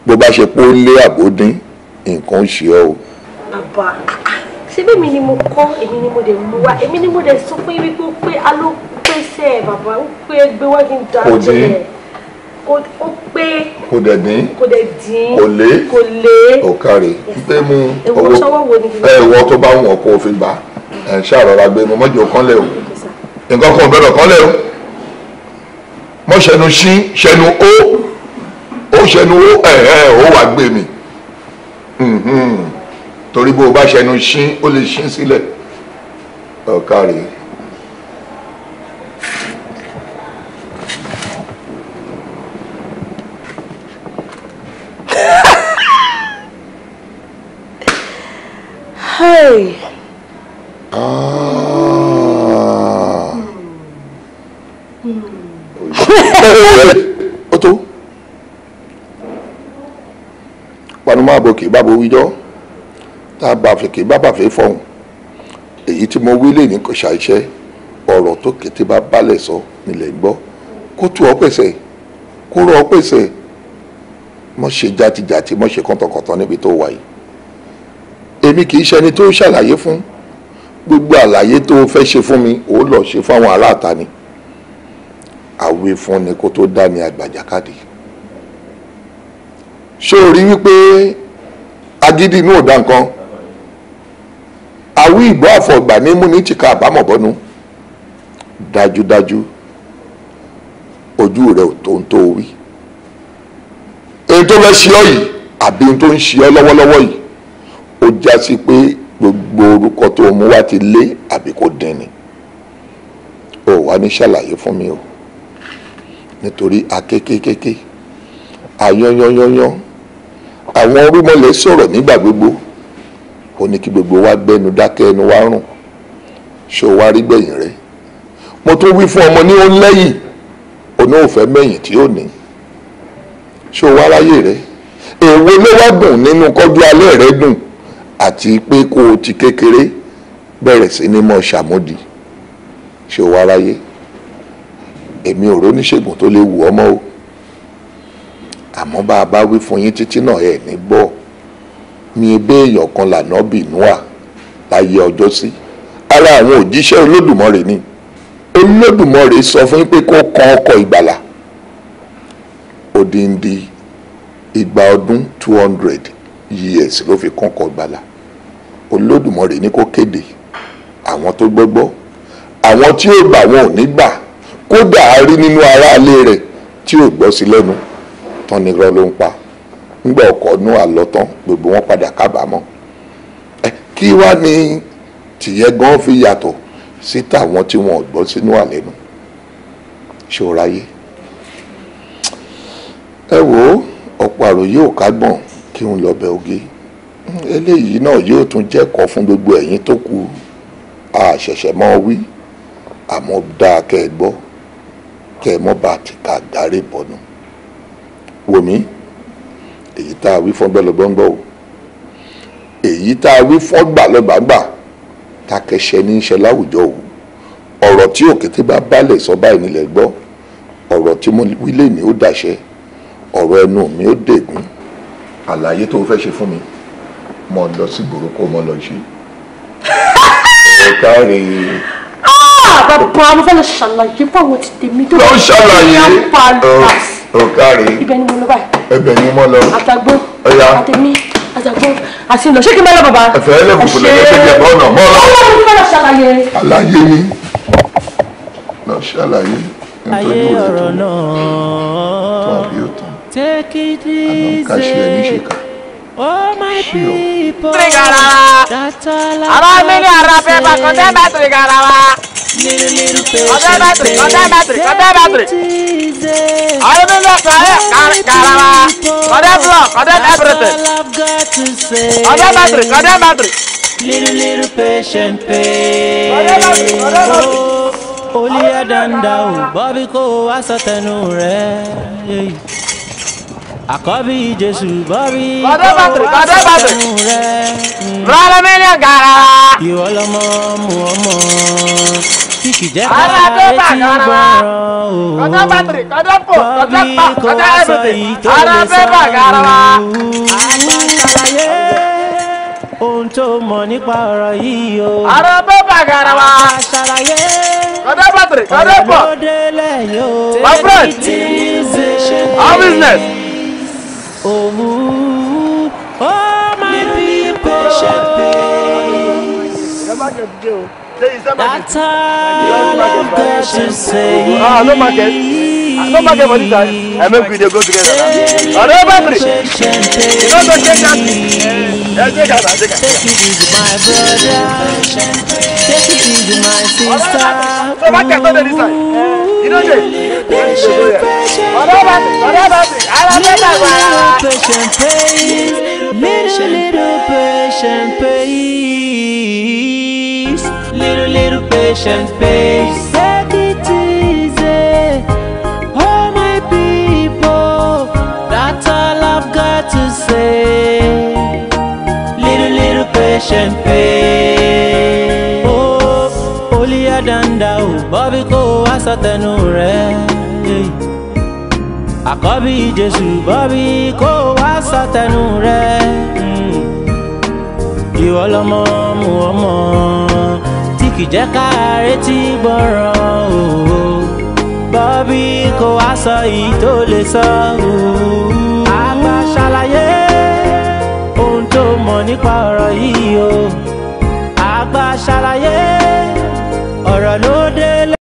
bó bá ṣe pé ó lé àbó dín nǹkan ń ṣe ọ́ o. bàbá ṣé bẹ́ẹ̀mi ni mo kọ́ èmi ni mo dẹ̀ mú wá èmi ni mo dẹ̀ sọ pé wípé ó pé aló pèsè bàbá ó pé gbé wá kí n dá jẹ́ ó pé kò dẹ̀ dín kò dẹ̀ dín kò lé kò lé ò kárí gbé mú owó ẹ̀wọ́ tó bá wọ̀n kó o fi gbà ẹ̀ ṣàrọ̀ra gbé mu mọ́jọ́ kánlẹ̀ o nǹkan kan gbọ́dọ̀ o mọ́ ṣẹnu ṣí ṣẹnu ó ó ṣẹnu ó ẹ̀ ẹ̀ ó wà gbé mi mhm. torí bó o bá ṣẹnu ṣí ó lè ṣí sílẹ̀ ọ̀kárí. Hey. Ah. Oto. Panu máa bọ̀ kì í bábo wíjọ́. Tá a bá fi kì í bábà fi fọ̀hún. Èyí tí mo wí lè ní kò ṣàìṣe. Ọ̀rọ̀ tó kété bá balẹ̀ sọ nílẹ̀ gbọ́. Kó tu ọ pèsè. Kó rọ ọ pèsè. Mọ̀ ṣe játijàti mọ̀ ṣe kọ́ntọ̀kọ̀ntọ̀ níbi tó wà èmi kì í ṣẹni tó ṣàlàyé fún gbogbo àlàyé tó fẹ́ ṣe fún mi ó lọ ṣe fáwọn aláàta ni àwé fún ni kó tó dá ní àgbàjákàdé ṣé o rí wípé agídí inú ọ̀dà nǹkan àwí ìbọn àfọ̀gbà ní múni tìka àbámọ̀ bọ́nu dájúdájú ojú rẹ ò tó ń tó wí èyí tó fẹ́ ṣe ọ́ yìí àbí tó ń ṣe ọ́ lọ́wọ́lọ́wọ́ yìí ó já sí pé gbogbo orúkọ tó mú wá ti lé àbí kò dín ni ó wá ní ṣàlàyé fún mi o nítorí akékékéké àyanyanyanyan àwọn orúmọlẹ̀ sọ̀rọ̀ nígbà gbogbo ó ní kí gbogbo wa gbẹnu dákẹ́ ẹnu wa rùn ṣó wá rí gbẹ̀yìn rẹ̀ mo tún wí fún ọmọ ní ó lẹ́yìn òun ò fẹ́ tí ó ní ṣó wá ráyè rẹ̀ èwo ló wá dùn nínú kọjú alẹ́ rẹ̀ dùn àti pé kó o ti kékeré bẹ̀rẹ̀ sí ní mọ̀ ṣàmódì ṣe wá ráyé èmi ò róníṣègùn tó lè wù ọmọ o àmọ́ bá a bá wí fún yín títí náà ẹ̀ ní gbọ́ ni ebé èèyàn kan lànà bì núà láyé ọjọ́ sí ara àwọn òjíṣẹ́ olódùmarè ni olódùmarè sọ fún yín pé kó kan ọkọ̀ ìgbàlà odindi igba ọdún two hundred years ló fi kọ́kọ́ ìgbàlà olódùmarè ní kó kéde àwọn tó gbọ́gbọ́ àwọn tí ó gbà wọn ò ní gbà kódà a rí nínú aráalé rẹ̀ tí ò gbọ́ sí lẹ́nu tán ni irọ́ ló ń pa ńgbà ọkọ̀ nú àlọ́ tán gbogbo wọn padà kábàámọ̀ ẹ kí wá ní tìyẹ gan fi yàtọ̀ sí tàwọn tí wọn ò gbọ́ sínú àlẹ́nu ṣòro ayé ẹ wo ọ̀pọ̀ àròyé ò kágbọ̀n kí n lọ bẹ oge. Okay? eléyìí náà yóò tún jẹ́kọ̀ọ́ fún gbogbo ẹ̀yin tó kù a ṣẹ̀ṣẹ̀ mọ́ wí àmọ́ dáa kẹ́ ẹ gbọ́ kẹ́ ẹ mọ́ bá ti kà dárí bọ́nu wò mí èyí tá a wí fọ́ngbẹ́ lọ́gbọ́ngbọ́ o èyí tá a wí fọ́gbà lọ́gbàgbà tá a kẹ́ṣẹ́ ní í ṣe láwùjọ o ọ̀rọ̀ tí òkété bá bálẹ̀ sọ báyìí nílẹ̀ gbọ́ ọ̀rọ̀ tí mo wí lé ní ó dàṣẹ ọ̀rọ̀ ẹnu mi ó dègún àlàyé tó o fẹ́ ṣe fún mi mọ lọ sí ìgboro kó mọ lọ ṣe. ẹ káre. Ah, bàbá mo fẹ́ lọ ṣàlàyé báwo ti tèmi tó. lọ ṣàlàyé ọ káre. ibẹ̀ ni mo lọ báyìí. ibẹ̀ ni mo lọ. àtàgbó àtẹmí àtàgbó àti ìlọ ṣé kí n bá lọ bàbá. ẹ̀fẹ̀ ẹlẹ́kùnkùn lọ́jọ́ tó jẹ́ bọ́ọ̀nà mọ́ ọ. ọlọ́run mo fẹ́ lọ ṣàlàyé. àlàyé ni lọ ṣàlàyé. ayé ọ̀rọ̀ náà take it easy tirigara ọ̀rọ̀ mi ni ọ̀rọ̀ bẹ́ẹ̀ bá kọ́tẹ́ bá tirigara wa kọ́tẹ́ bá tiri kọ́tẹ́ bá tiri battery, bá battery, ọ̀rọ̀ battery, ni ọ̀sán ayé kara wa kọ́tẹ́ blọ̀ kọ́tẹ́ everything kọ́tẹ́ battery, tiri battery, bá battery, Little little patient pain. battery, ò battery, kó wá sọ tẹnu rẹ̀ àkọ́bí jésù bọ́bí ọ̀sẹ̀mú rẹ̀. rọ́lá mílíọ̀n gàrà. ìwọ lọmọ mú ọmọ tí kì jẹ́ ká etí gbọ́ràn o. bọ́bí kò wá sọ èyí tó lè sọ o. àṣàlàyé ohun tó mọ̀ nípa ọ̀rọ̀ yìí o. àrò bébà gàrà wa. àṣàlàyé kọ́dọ̀ bàtìrì kọ́dọ̀ pọ̀. ọ̀rọ̀ ló yóò. my friend our business. Oh, ó máa ní bó ṣe pé. That all I've got say. Ah, no market. Ah, no market for this time. I eh, make we go together. Ọ̀rẹ́ bá bèrè. No go take that. Ẹ ṣe ká bá ṣe Take it easy my brother. Take it easy my sister. No market for this time iná ṣe ìṣòro yẹ Little little patient please Little little patient please All my people That's all I've got to say Little little patient please fẹ́ dáńdá o oh, bọ́bí kó wá sọ tẹnu rẹ̀. àkọ́bí jésù bọ́bí kó wá sọ tẹnu rẹ̀. ìwọ lọmọ mú ọmọ tí kì jẹ́ ká retí gbọ́ràn o. bọ́bí kó wá sọ èyí tó lè o. Oh. àgbà ṣàlàyé ohun tó mọ̀ nípa ọ̀rọ̀ yìí o. Oh. àgbà ṣàlàyé. For I know